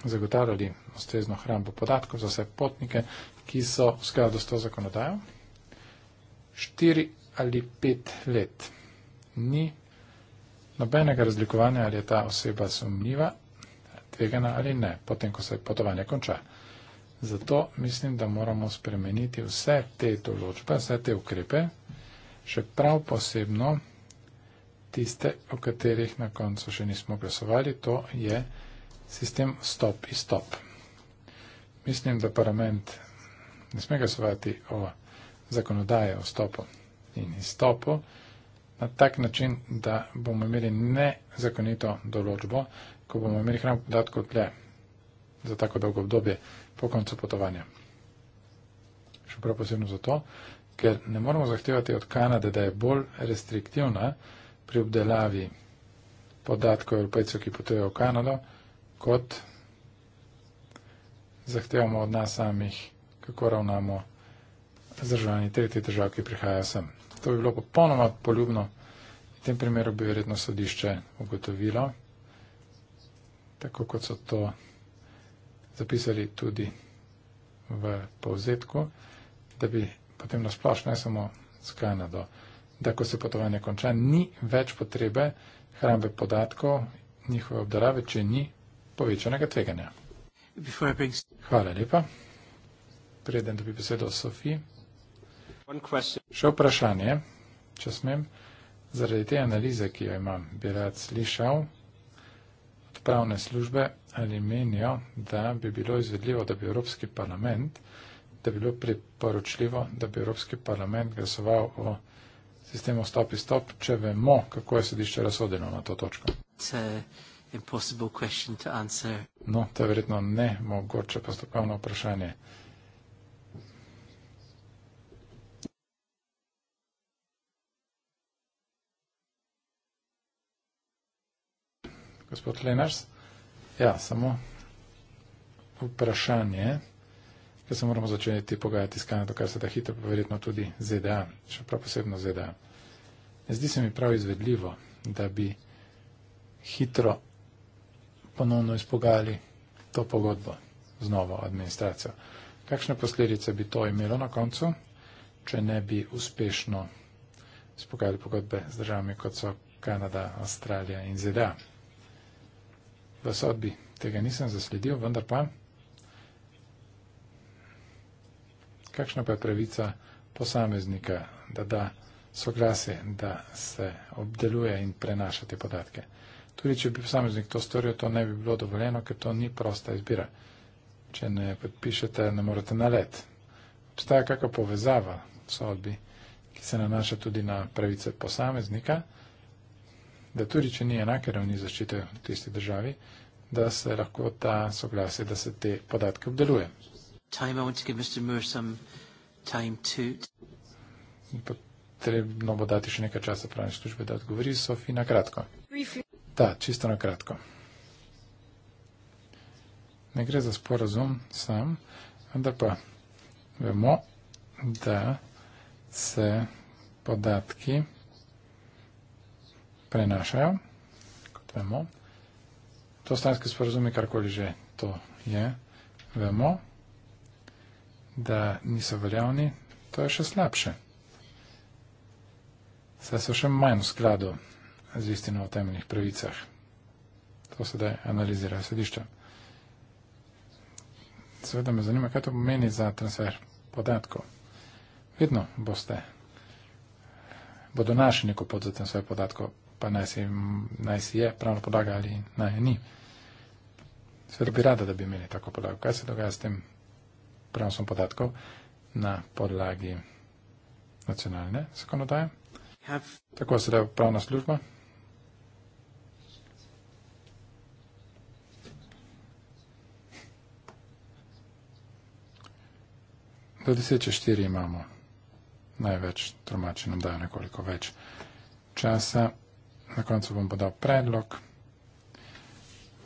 zagotavljali ustrezno hrambo podatkov za vse potnike, ki so v skladu s to zakonodajo. Štiri ali pet let ni nobenega razlikovanja, ali je ta oseba sumljiva, tvegana ali ne, potem, ko se potovanje konča. Zato mislim, da moramo spremeniti vse te določbe, vse te ukrepe, še prav posebno tiste, o katerih na koncu še nismo glasovali, to je sistem stop i stop. Mislim, da parlament ne sme glasovati o zakonodaje o stopu in izstopu na tak način, da bomo imeli nezakonito določbo, ko bomo imeli hrano podatkov tle za tako dolgo obdobje po koncu potovanja. Še prav posebno zato, ker ne moremo zahtevati od Kanade, da je bolj restriktivna pri obdelavi podatkov evropejcev, ki potujejo v Kanado, kot zahtevamo od nas samih, kako ravnamo z državami tretjih držav, ki prihajajo sem. To bi bilo popolnoma poljubno. V tem primeru bi verjetno sodišče ugotovilo, tako kot so to zapisali tudi v povzetku, da bi potem nasplošno, ne samo z Kanado, da ko se potovanje konča, ni več potrebe hrambe podatkov, njihove obdarave, če ni povečanega tveganja. Being... Hvala lepa. Preden dobi besedo Sofiji. Še vprašanje, če smem, zaradi te analize, ki jo imam, bi rad slišal od pravne službe, ali menijo, da bi bilo izvedljivo, da bi Evropski parlament, da bi bilo priporočljivo, da bi Evropski parlament glasoval o sistemu stop-stop, če vemo, kako je sodišče razsodeno na to točko. Se... No, to je verjetno ne mogoče postopkovno vprašanje. Gospod Lenars, ja, samo vprašanje, ker se moramo začeti pogajati s Kanado, kar se da hitro, pa verjetno tudi ZDA, še prav posebno ZDA. Zdi se mi prav izvedljivo, da bi hitro ponovno izpogajali to pogodbo z novo administracijo. Kakšne posledice bi to imelo na koncu, če ne bi uspešno izpogajali pogodbe z državami, kot so Kanada, Avstralija in ZDA? V sodbi tega nisem zasledil, vendar pa. Kakšna pa je pravica posameznika, da da soglase, da se obdeluje in prenaša te podatke? Tudi, če bi posameznik to storil, to ne bi bilo dovoljeno, ker to ni prosta izbira. Če ne podpišete, ne morete na let. Obstaja kakšna povezava v sodbi, ki se nanaša tudi na pravice posameznika, da tudi, če ni enake ravni zaščite v tisti državi, da se lahko ta soglasje, da se te podatke obdeluje. Potrebno bo dati še nekaj časa pravne službe, da odgovori Sofi na kratko. Briefly. Da, čisto na kratko. Ne gre za sporazum sam, vendar pa vemo, da se podatki prenašajo, kot vemo. To stranski sporazum je karkoli že to je. Vemo, da niso veljavni, to je še slabše. Saj so še manj v skladu z istino o temeljnih pravicah. To sedaj analizirajo sodišča. Seveda me zanima, kaj to pomeni za transfer podatkov. Vedno boste, bodo našli neko pot za transfer podatkov, pa naj si, naj si je pravno podlaga ali naj ni. Sveda bi rada, da bi imeli tako podlago. Kaj se dogaja s tem prenosom podatkov na podlagi nacionalne zakonodaje? Tako sedaj pravna služba. Do 10.04 imamo največ, tromači nam dajo nekoliko več časa. Na koncu bom podal predlog.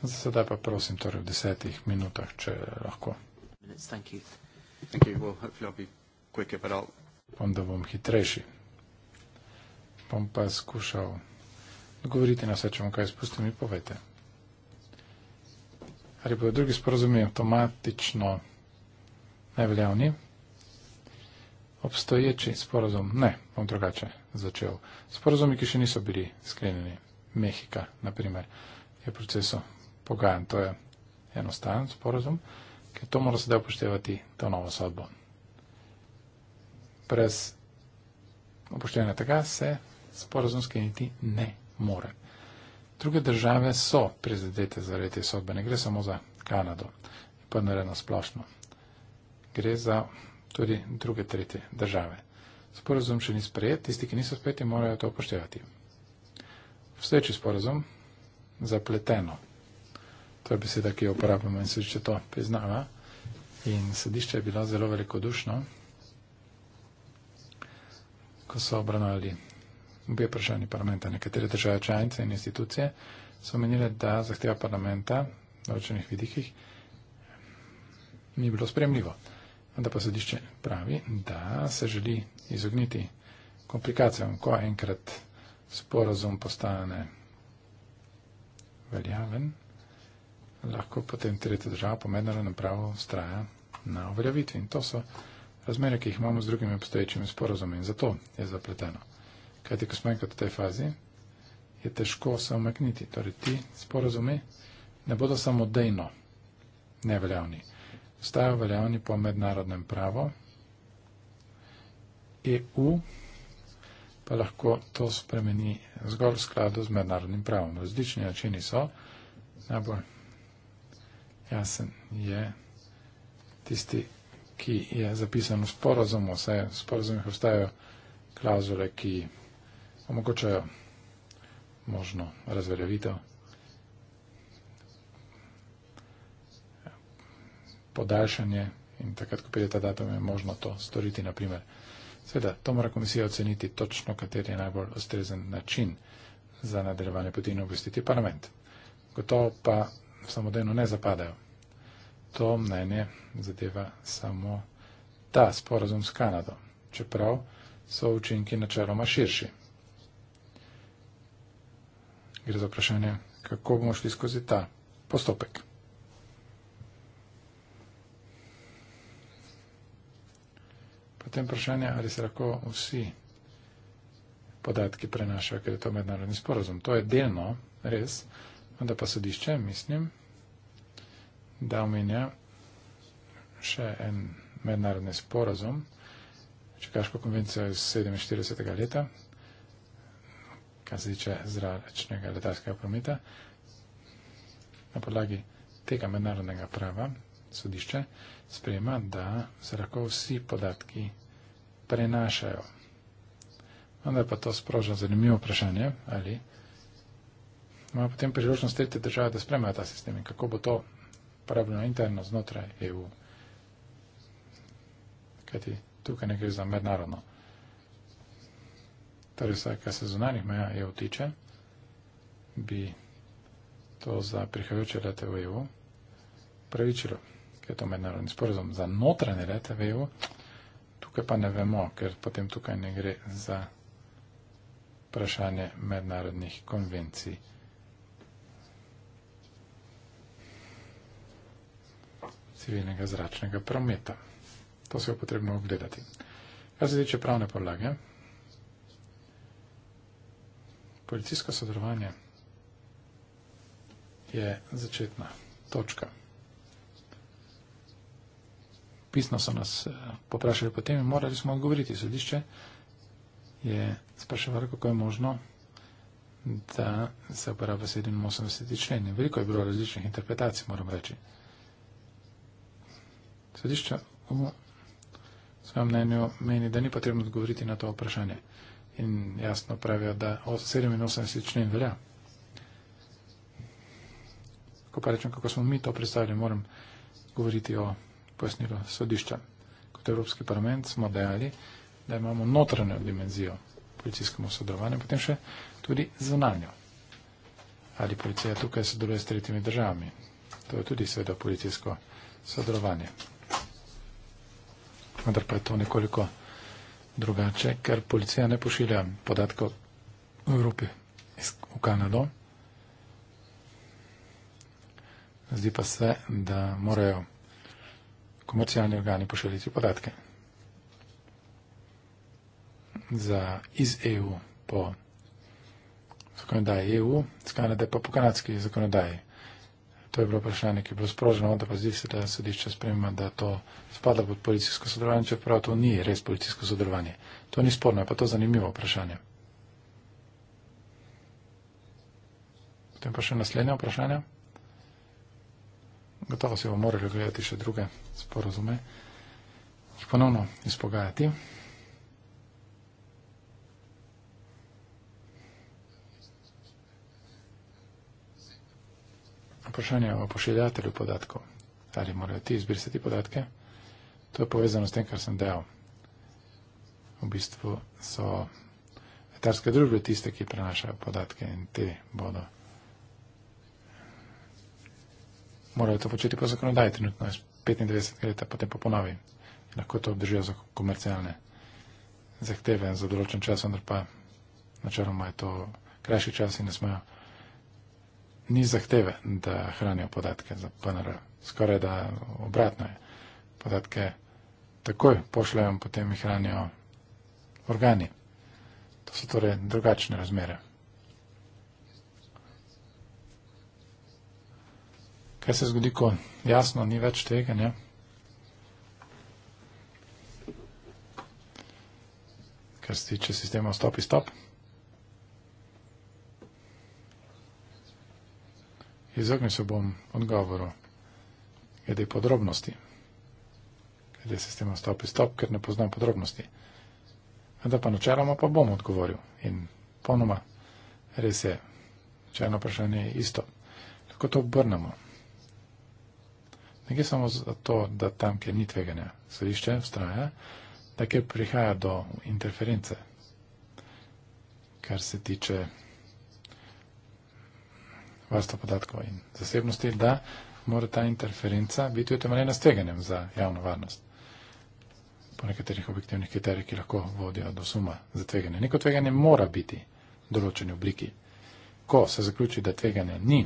Za sedaj pa prosim, torej v desetih minutah, če lahko. Upam, da bom hitrejši. Bom pa skušal odgovoriti na vse, če bom kaj spustil, mi povete. Ali bodo drugi sporozumi avtomatično najveljavni? obstoječi sporazum, ne, bom drugače začel. Sporazumi, ki še niso bili sklenjeni, Mehika, naprimer, je v procesu pogajanj. To je enostaven sporazum, ker to mora sedaj upoštevati to novo sodbo. Prez upoštevanja tega se sporazum skleniti ne more. Druge države so prizadete zaradi te sodbe, ne gre samo za Kanado, pa naredno splošno. Gre za tudi druge tretje države. Sporazum še ni sprejet, tisti, ki niso sprejeti, morajo to upoštevati. Vseči sporazum zapleteno. To je beseda, ki jo uporabljamo in sodišče to priznava. In sodišče je bilo zelo velikodušno, ko so obravnavali obje vprašanje parlamenta. Nekatere države članice in institucije so menile, da zahteva parlamenta v določenih vidikih ni bilo spremljivo. Vendar pa sodišče pravi, da se želi izogniti komplikacijam, ko enkrat sporozum postane veljaven, lahko potem tretja država po mednarodnem pravu straja na uveljavitvi. In to so razmere, ki jih imamo z drugimi obstoječimi sporozumi. In zato je zapleteno. Kajti, ko smo enkrat v tej fazi, je težko se omakniti. Torej, ti sporozumi ne bodo samo dejno neveljavni sta veljavni po mednarodnem pravu. EU pa lahko to spremeni zgolj v skladu z mednarodnim pravom. Različni načini so. Najbolj jasen je tisti, ki je zapisan v sporozumu. Vse v sporozumih obstajajo klauzule, ki omogočajo možno razveljavitev. podaljšanje in takrat, ko pride ta datum, je možno to storiti, naprimer. Sveda, to mora komisija oceniti točno, kater je najbolj ustrezen način za nadaljevanje poti in obvestiti parlament. Gotovo pa samodejno ne zapadajo. To mnenje zadeva samo ta sporazum s Kanado, čeprav so učinki načeloma širši. Gre za vprašanje, kako bomo šli skozi ta postopek. potem vprašanje, ali se lahko vsi podatki prenašajo, ker je to mednarodni sporozum. To je delno, res, vendar pa sodišče, mislim, da omenja še en mednarodni sporozum, Čekaško konvencijo iz 47. leta, kar se tiče zračnega letalskega prometa, na podlagi tega mednarodnega prava, sodišče sprejema, da se lahko vsi podatki prenašajo. Vendar pa to sproža zanimivo vprašanje, ali ima potem priložnost tretje države, da spremljajo ta sistem in kako bo to uporabljeno interno znotraj EU. Kajti tukaj ne gre za mednarodno. Torej vsaj, kar se zunanjih meja EU tiče, bi to za prihajajoče lete v EU pravičilo ker je to mednarodni sporozum za notranje rete v EU, tukaj pa ne vemo, ker potem tukaj ne gre za vprašanje mednarodnih konvencij. civilnega zračnega prometa. To se je potrebno ogledati. Kar se tiče pravne podlage, policijsko sodelovanje je začetna točka pisno so nas eh, poprašali potem in morali smo odgovoriti. Sodišče je spraševalo, kako je možno, da se uporablja 87. člen. Veliko je bilo različnih interpretacij, moram reči. Sodišče v svojem mnenju meni, da ni potrebno odgovoriti na to vprašanje. In jasno pravijo, da 87. člen velja. Ko pa rečem, kako smo mi to predstavili, moram govoriti o pojasnilo sodišča. Kot Evropski parlament smo dejali, da imamo notranjo dimenzijo policijskemu sodelovanju, potem še tudi zunanjo. Ali policija tukaj sodeluje s tretjimi državami? To je tudi seveda policijsko sodelovanje. Vendar pa je to nekoliko drugače, ker policija ne pošilja podatkov v Evropi, v Kanado. Zdi pa se, da morajo komercialni organi pošiljati podatke. Za iz EU po zakonodaji EU, iz Kanade pa po kanadski zakonodaji. To je bilo vprašanje, ki je bilo sproženo, da pa zdi se, da sodišče sprejema, da to spada pod policijsko sodelovanje, čeprav to ni res policijsko sodelovanje. To ni sporno, je pa to zanimivo vprašanje. Potem pa še naslednje vprašanje gotovo si bomo morali gledati še druge sporozume, jih ponovno izpogajati. Vprašanje o pošiljatelju podatkov. Ali morajo ti izbrisati podatke? To je povezano s tem, kar sem dejal. V bistvu so letarske družbe tiste, ki prenašajo podatke in te bodo. morajo to početi po zakonodaji, trenutno je 95 let, potem pa ponovi. Lahko to obdržijo za komercialne zahteve za določen čas, vendar pa načeloma je to krajši čas in ne smejo. Ni zahteve, da hranijo podatke za PNR. Skoraj da obratno je. Podatke takoj pošljajo in potem jih hranijo organi. To so torej drugačne razmere. Kaj se zgodi, ko jasno ni več tega? Ne? Kar se tiče sistema stop in stop. Izognil se bom odgovoru glede podrobnosti, glede sistema stop in stop, ker ne poznam podrobnosti. Da pa načeloma pa bom odgovoril in ponoma res je, če eno vprašanje je isto, lahko to obrnemo. Ne gre samo za to, da tam, kjer ni tveganja, sodišče vztraja, da kjer prihaja do interference, kar se tiče varstva podatkov in zasebnosti, da mora ta interferenca biti utemeljena s tveganjem za javno varnost. Po nekaterih objektivnih kriterijih, ki lahko vodijo do suma za tveganje. Neko tveganje mora biti v določeni obliki. Ko se zaključi, da tveganja ni,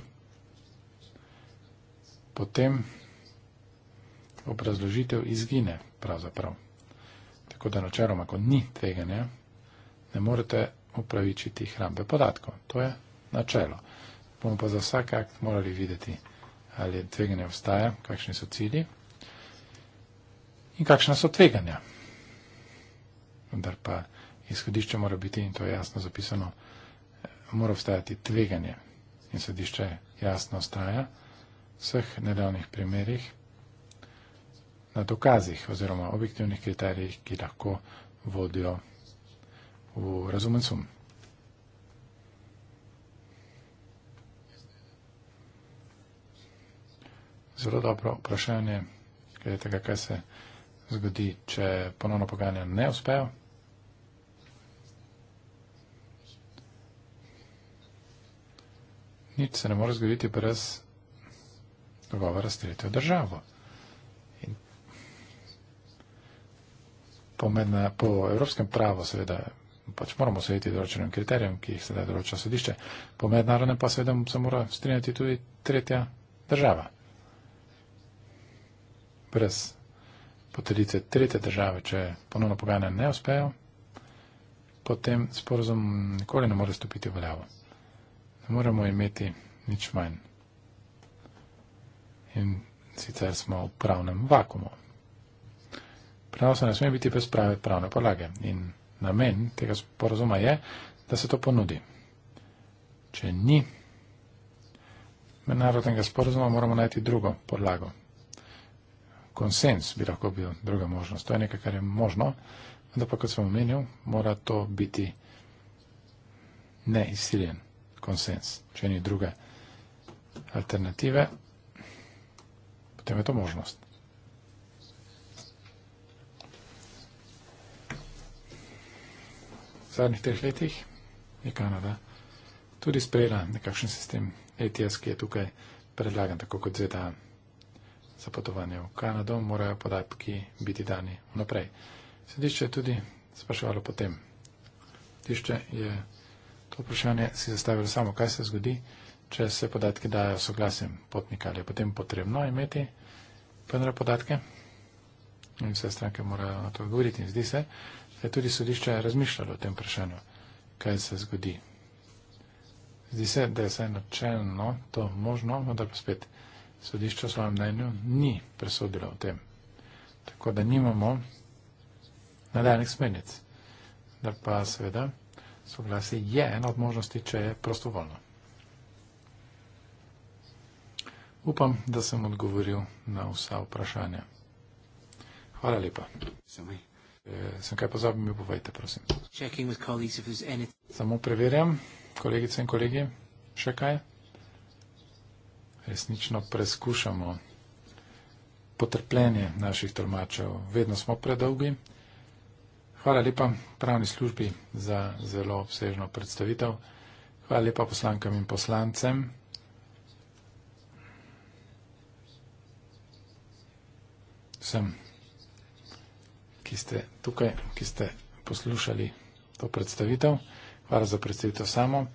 potem obrazložitev izgine pravzaprav. Tako da načeloma, ko ni tveganja, ne morete upravičiti hrambe podatkov. To je načelo. Bomo pa za vsak akt morali videti, ali tveganje obstaja, kakšni so cilji in kakšna so tveganja. Vendar pa izhodišče mora biti, in to je jasno zapisano, mora obstajati tveganje. In sodišče jasno ostaja v vseh nedavnih primerjih na dokazih oziroma objektivnih kriterijih, ki lahko vodijo v razumen sum. Zelo dobro vprašanje, kaj, tega, kaj se zgodi, če ponovno pogajanja ne uspejo. Nič se ne more zgoditi brez dogovora s tretjo državo. po, med, po evropskem pravu, seveda, pač moramo sedeti določenim kriterijem, ki jih sedaj določa sodišče, po mednarodnem pa seveda se mora strinjati tudi tretja država. Brez potrditve tretje države, če ponovno pogajanja ne uspejo, potem sporozum nikoli ne more stopiti v veljavo. Ne moremo imeti nič manj. In sicer smo v pravnem vakumu prenosa ne sme biti brez prave pravne podlage. In namen tega sporozuma je, da se to ponudi. Če ni mednarodnega sporozuma, moramo najti drugo podlago. Konsens bi lahko bil druga možnost. To je nekaj, kar je možno, vendar pa, kot sem omenil, mora to biti neizsiljen konsens. Če ni druge alternative, potem je to možnost. zadnjih treh letih je Kanada tudi sprejela nekakšen sistem ETS, ki je tukaj predlagan, tako kot ZDA. Za potovanje v Kanado morajo podatki biti dani vnaprej. Sedišče je tudi spraševalo potem. Sedišče je to vprašanje si zastavilo samo, kaj se zgodi, če se podatki dajo soglasjem potnika, ali je potem potrebno imeti PNR podatke. In vse stranke morajo na to govoriti. Zdi se, je tudi sodišče razmišljalo o tem vprašanju, kaj se zgodi. Zdi se, da je vsaj načelno to možno, vendar pa spet sodišče v svojem mnenju ni presodilo o tem. Tako da nimamo nadaljnih smernic. Da pa seveda soglasje je ena od možnosti, če je prostovoljno. Upam, da sem odgovoril na vsa vprašanja. Hvala lepa. Samaj. Eh, sem kaj pozabil, mi povejte, prosim. Samo preverjam, kolegice in kolegi, še kaj? Resnično preskušamo potrpljenje naših tolmačev. Vedno smo predolgi. Hvala lepa pravni službi za zelo obsežno predstavitev. Hvala lepa poslankam in poslancem. Vsem ki ste tukaj, ki ste poslušali to predstavitev. Hvala za predstavitev samo.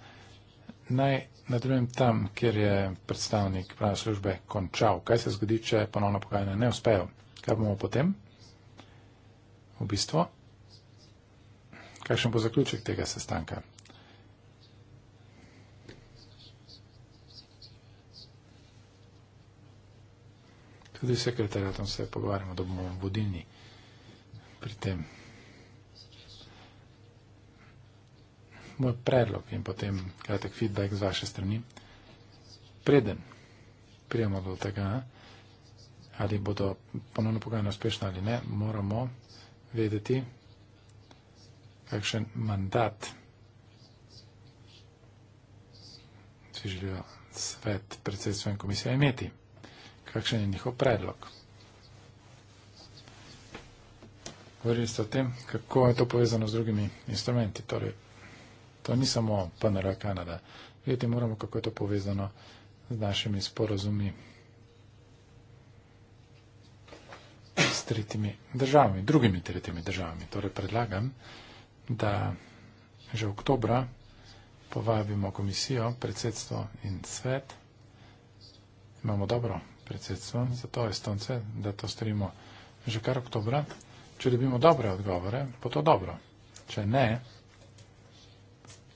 Naj nadaljujem tam, kjer je predstavnik pravne službe končal. Kaj se zgodi, če ponovno pogajanje ne uspejo? Kaj bomo potem? V bistvu. Kakšen bo zaključek tega sestanka? Tudi sekretarjatom se pogovarjamo, da bomo vodilni pri tem. Moj predlog in potem kratek feedback z vaše strani. Preden prijemo do tega, ali bodo ponovno pogajanja uspešna ali ne, moramo vedeti, kakšen mandat si želijo svet predsedstva in komisija imeti, kakšen je njihov predlog. govorili ste o tem, kako je to povezano z drugimi instrumenti. Torej, to ni samo PNR Kanada. Videti moramo, kako je to povezano z našimi sporozumi s tretjimi državami, drugimi tretjimi državami. Torej, predlagam, da že v oktobra povabimo komisijo, predsedstvo in svet. Imamo dobro predsedstvo, zato je stonce, da to storimo že kar oktobra. Če dobimo dobre odgovore, bo to dobro. Če ne,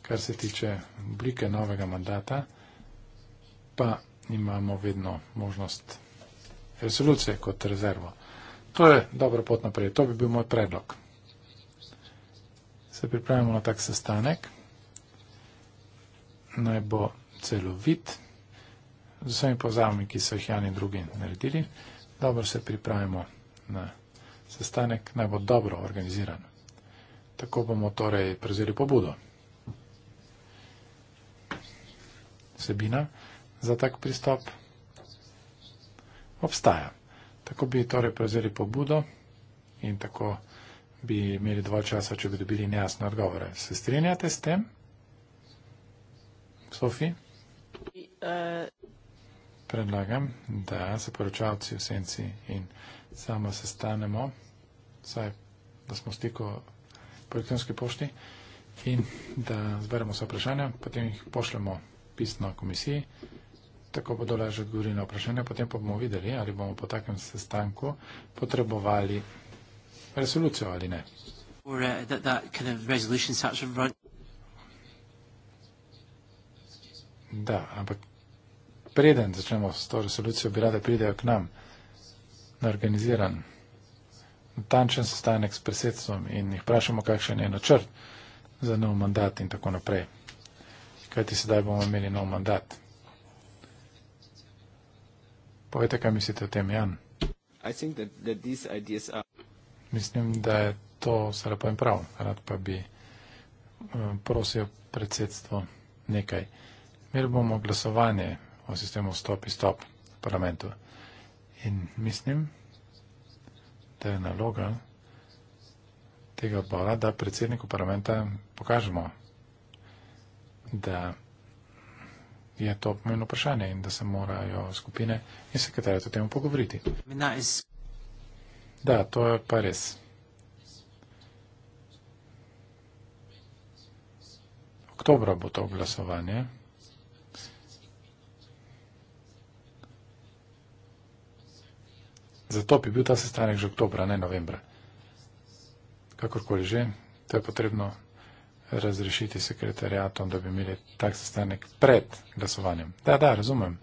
kar se tiče oblike novega mandata, pa imamo vedno možnost resolucije kot rezervo. To je dobro pot naprej. To bi bil moj predlog. Se pripravimo na tak sestanek. Naj bo celovit. Z vsemi pozavami, ki so jih Jan in drugi naredili. Dobro se pripravimo na sestanek sestanek naj bo dobro organiziran. Tako bomo torej prevzeli pobudo. Sebina za tak pristop obstaja. Tako bi torej prevzeli pobudo in tako bi imeli dovolj časa, če bi dobili nejasne odgovore. Se strinjate s tem? Sofi? Uh predlagam, da se poročavci v senci in samo sestanemo, saj da smo v stiku po elektronski pošti in da zberemo vse vprašanja, potem jih pošljemo pisno komisiji, tako bodo lažje odgovorili na vprašanja, potem pa bomo videli, ali bomo po takem sestanku potrebovali resolucijo ali ne. Or, uh, that, that kind of resolution starts to run. Da, ampak preden začnemo s to resolucijo, bi rada pridejo k nam na organiziran, natančen sestanek s presedstvom in jih vprašamo, kakšen je načrt za nov mandat in tako naprej. Kajti sedaj bomo imeli nov mandat. Povejte, kaj mislite o tem, Jan. Mislim, da je to se lepo in prav. Rad pa bi eh, prosil predsedstvo nekaj. Imeli bomo glasovanje, o sistemu stop in stop v parlamentu. In mislim, da je naloga tega odbora, da predsedniku parlamenta pokažemo, da je to pomembno vprašanje in da se morajo skupine in sekretarje o tem pogovoriti. Da, to je pa res. Oktobra bo to glasovanje. Zato bi bil ta sestanek že oktobra, ne novembra. Kakorkoli že, to je potrebno razrešiti sekretarijatom, da bi imeli tak sestanek pred glasovanjem. Da, da, razumem.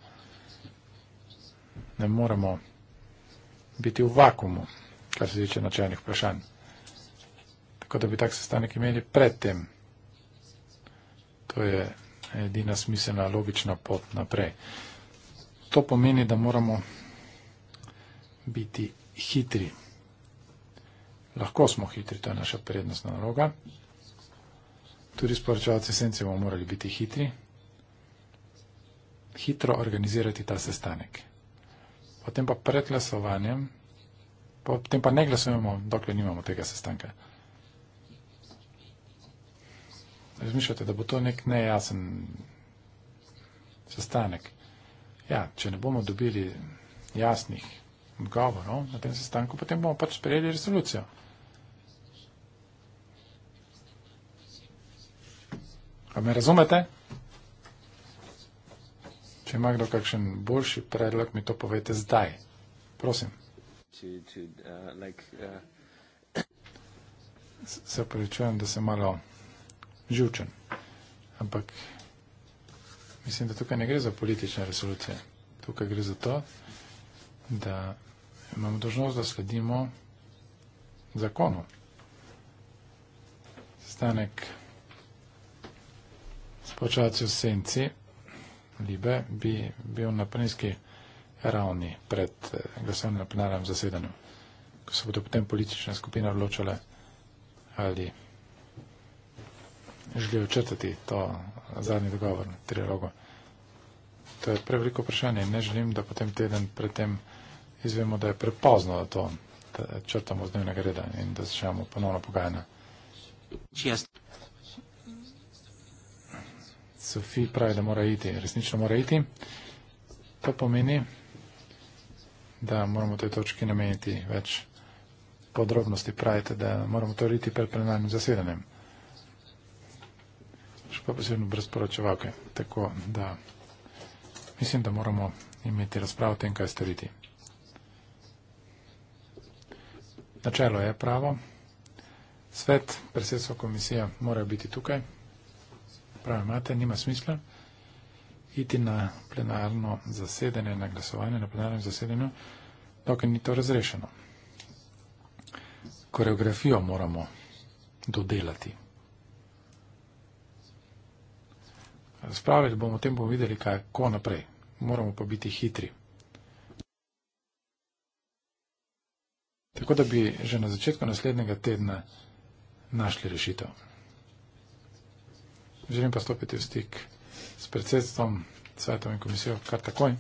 Ne moramo biti v vakumu, kar se tiče načeljnih vprašanj. Tako da bi tak sestanek imeli pred tem. To je edina smiselna, logična pot naprej. To pomeni, da moramo biti hitri. Lahko smo hitri, to je naša prednostna naloga. Tudi sporočevalci esence bomo morali biti hitri. Hitro organizirati ta sestanek. Potem pa pred glasovanjem, potem pa ne glasujemo, dokler nimamo tega sestanka. Razmišljate, da bo to nek nejasen sestanek. Ja, če ne bomo dobili jasnih odgovor no, na tem sestanku, potem bomo pač sprejeli rezolucijo. A me razumete? Če ima kdo kakšen boljši predlog, mi to povete zdaj. Prosim. Uh, uh, se upravičujem, da sem malo živčen, ampak mislim, da tukaj ne gre za politične resolucije. Tukaj gre za to, da imamo dožnost, da sledimo zakonu. Stanek spočati v senci Libe bi bil na plenski ravni pred eh, glasovnim plenarnem zasedanjem, ko se bodo potem politične skupine odločile, ali želijo črtati to eh, zadnji dogovor, trilogo. To je preveliko vprašanje in ne želim, da potem teden pred tem vprašanje izvemo, da je prepozno, da to da črtamo z dnevnega reda in da začnemo ponovno pogajanja. Sofi pravi, da mora iti. Resnično mora iti. To pomeni, da moramo tej točki nameniti več podrobnosti. Pravite, da moramo to riti pred plenarnim zasedanjem. Še pa posebno brez poročevalke. Tako da mislim, da moramo imeti razpravo o tem, kaj storiti. Načelo je pravo. Svet, predsedstvo komisije mora biti tukaj. Pravi imate, nima smisla iti na plenarno zasedanje, na glasovanje na plenarnem zasedanju, dokaj ni to razrešeno. Koreografijo moramo dodelati. Spraviti bomo o tem, bomo videli, kako naprej. Moramo pa biti hitri. tako da bi že na začetku naslednjega tedna našli rešitev. Želim pa stopiti v stik s predsedstvom, svetom in komisijo kar takoj,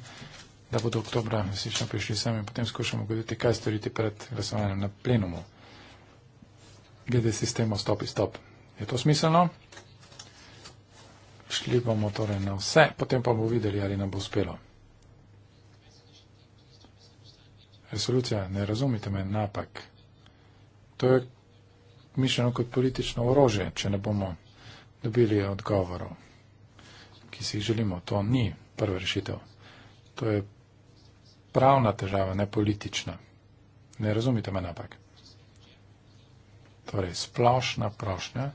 da bodo oktobra vsi še prišli sami in potem skušamo govoriti, kaj storiti pred glasovanjem na plenumu. Glede sistemo stop in stop. Je to smiselno? Šli bomo torej na vse, potem pa bomo videli, ali nam bo uspelo. resolucija, ne razumite me napak. To je mišljeno kot politično orožje, če ne bomo dobili odgovorov, ki si jih želimo. To ni prva rešitev. To je pravna težava, ne politična. Ne razumite me napak. Torej, splošna prošnja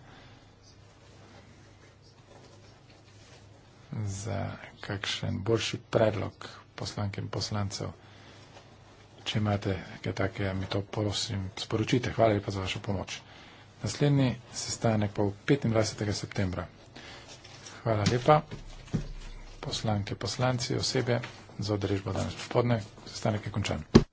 za kakšen boljši predlog poslank in poslancev. Če imate kaj takega, mi to prosim sporočite. Hvala lepa za vašo pomoč. Naslednji sestanek pa 25. septembra. Hvala lepa, poslanke, poslanci, osebe za odrežbo danes popodne. Sestanek je končan.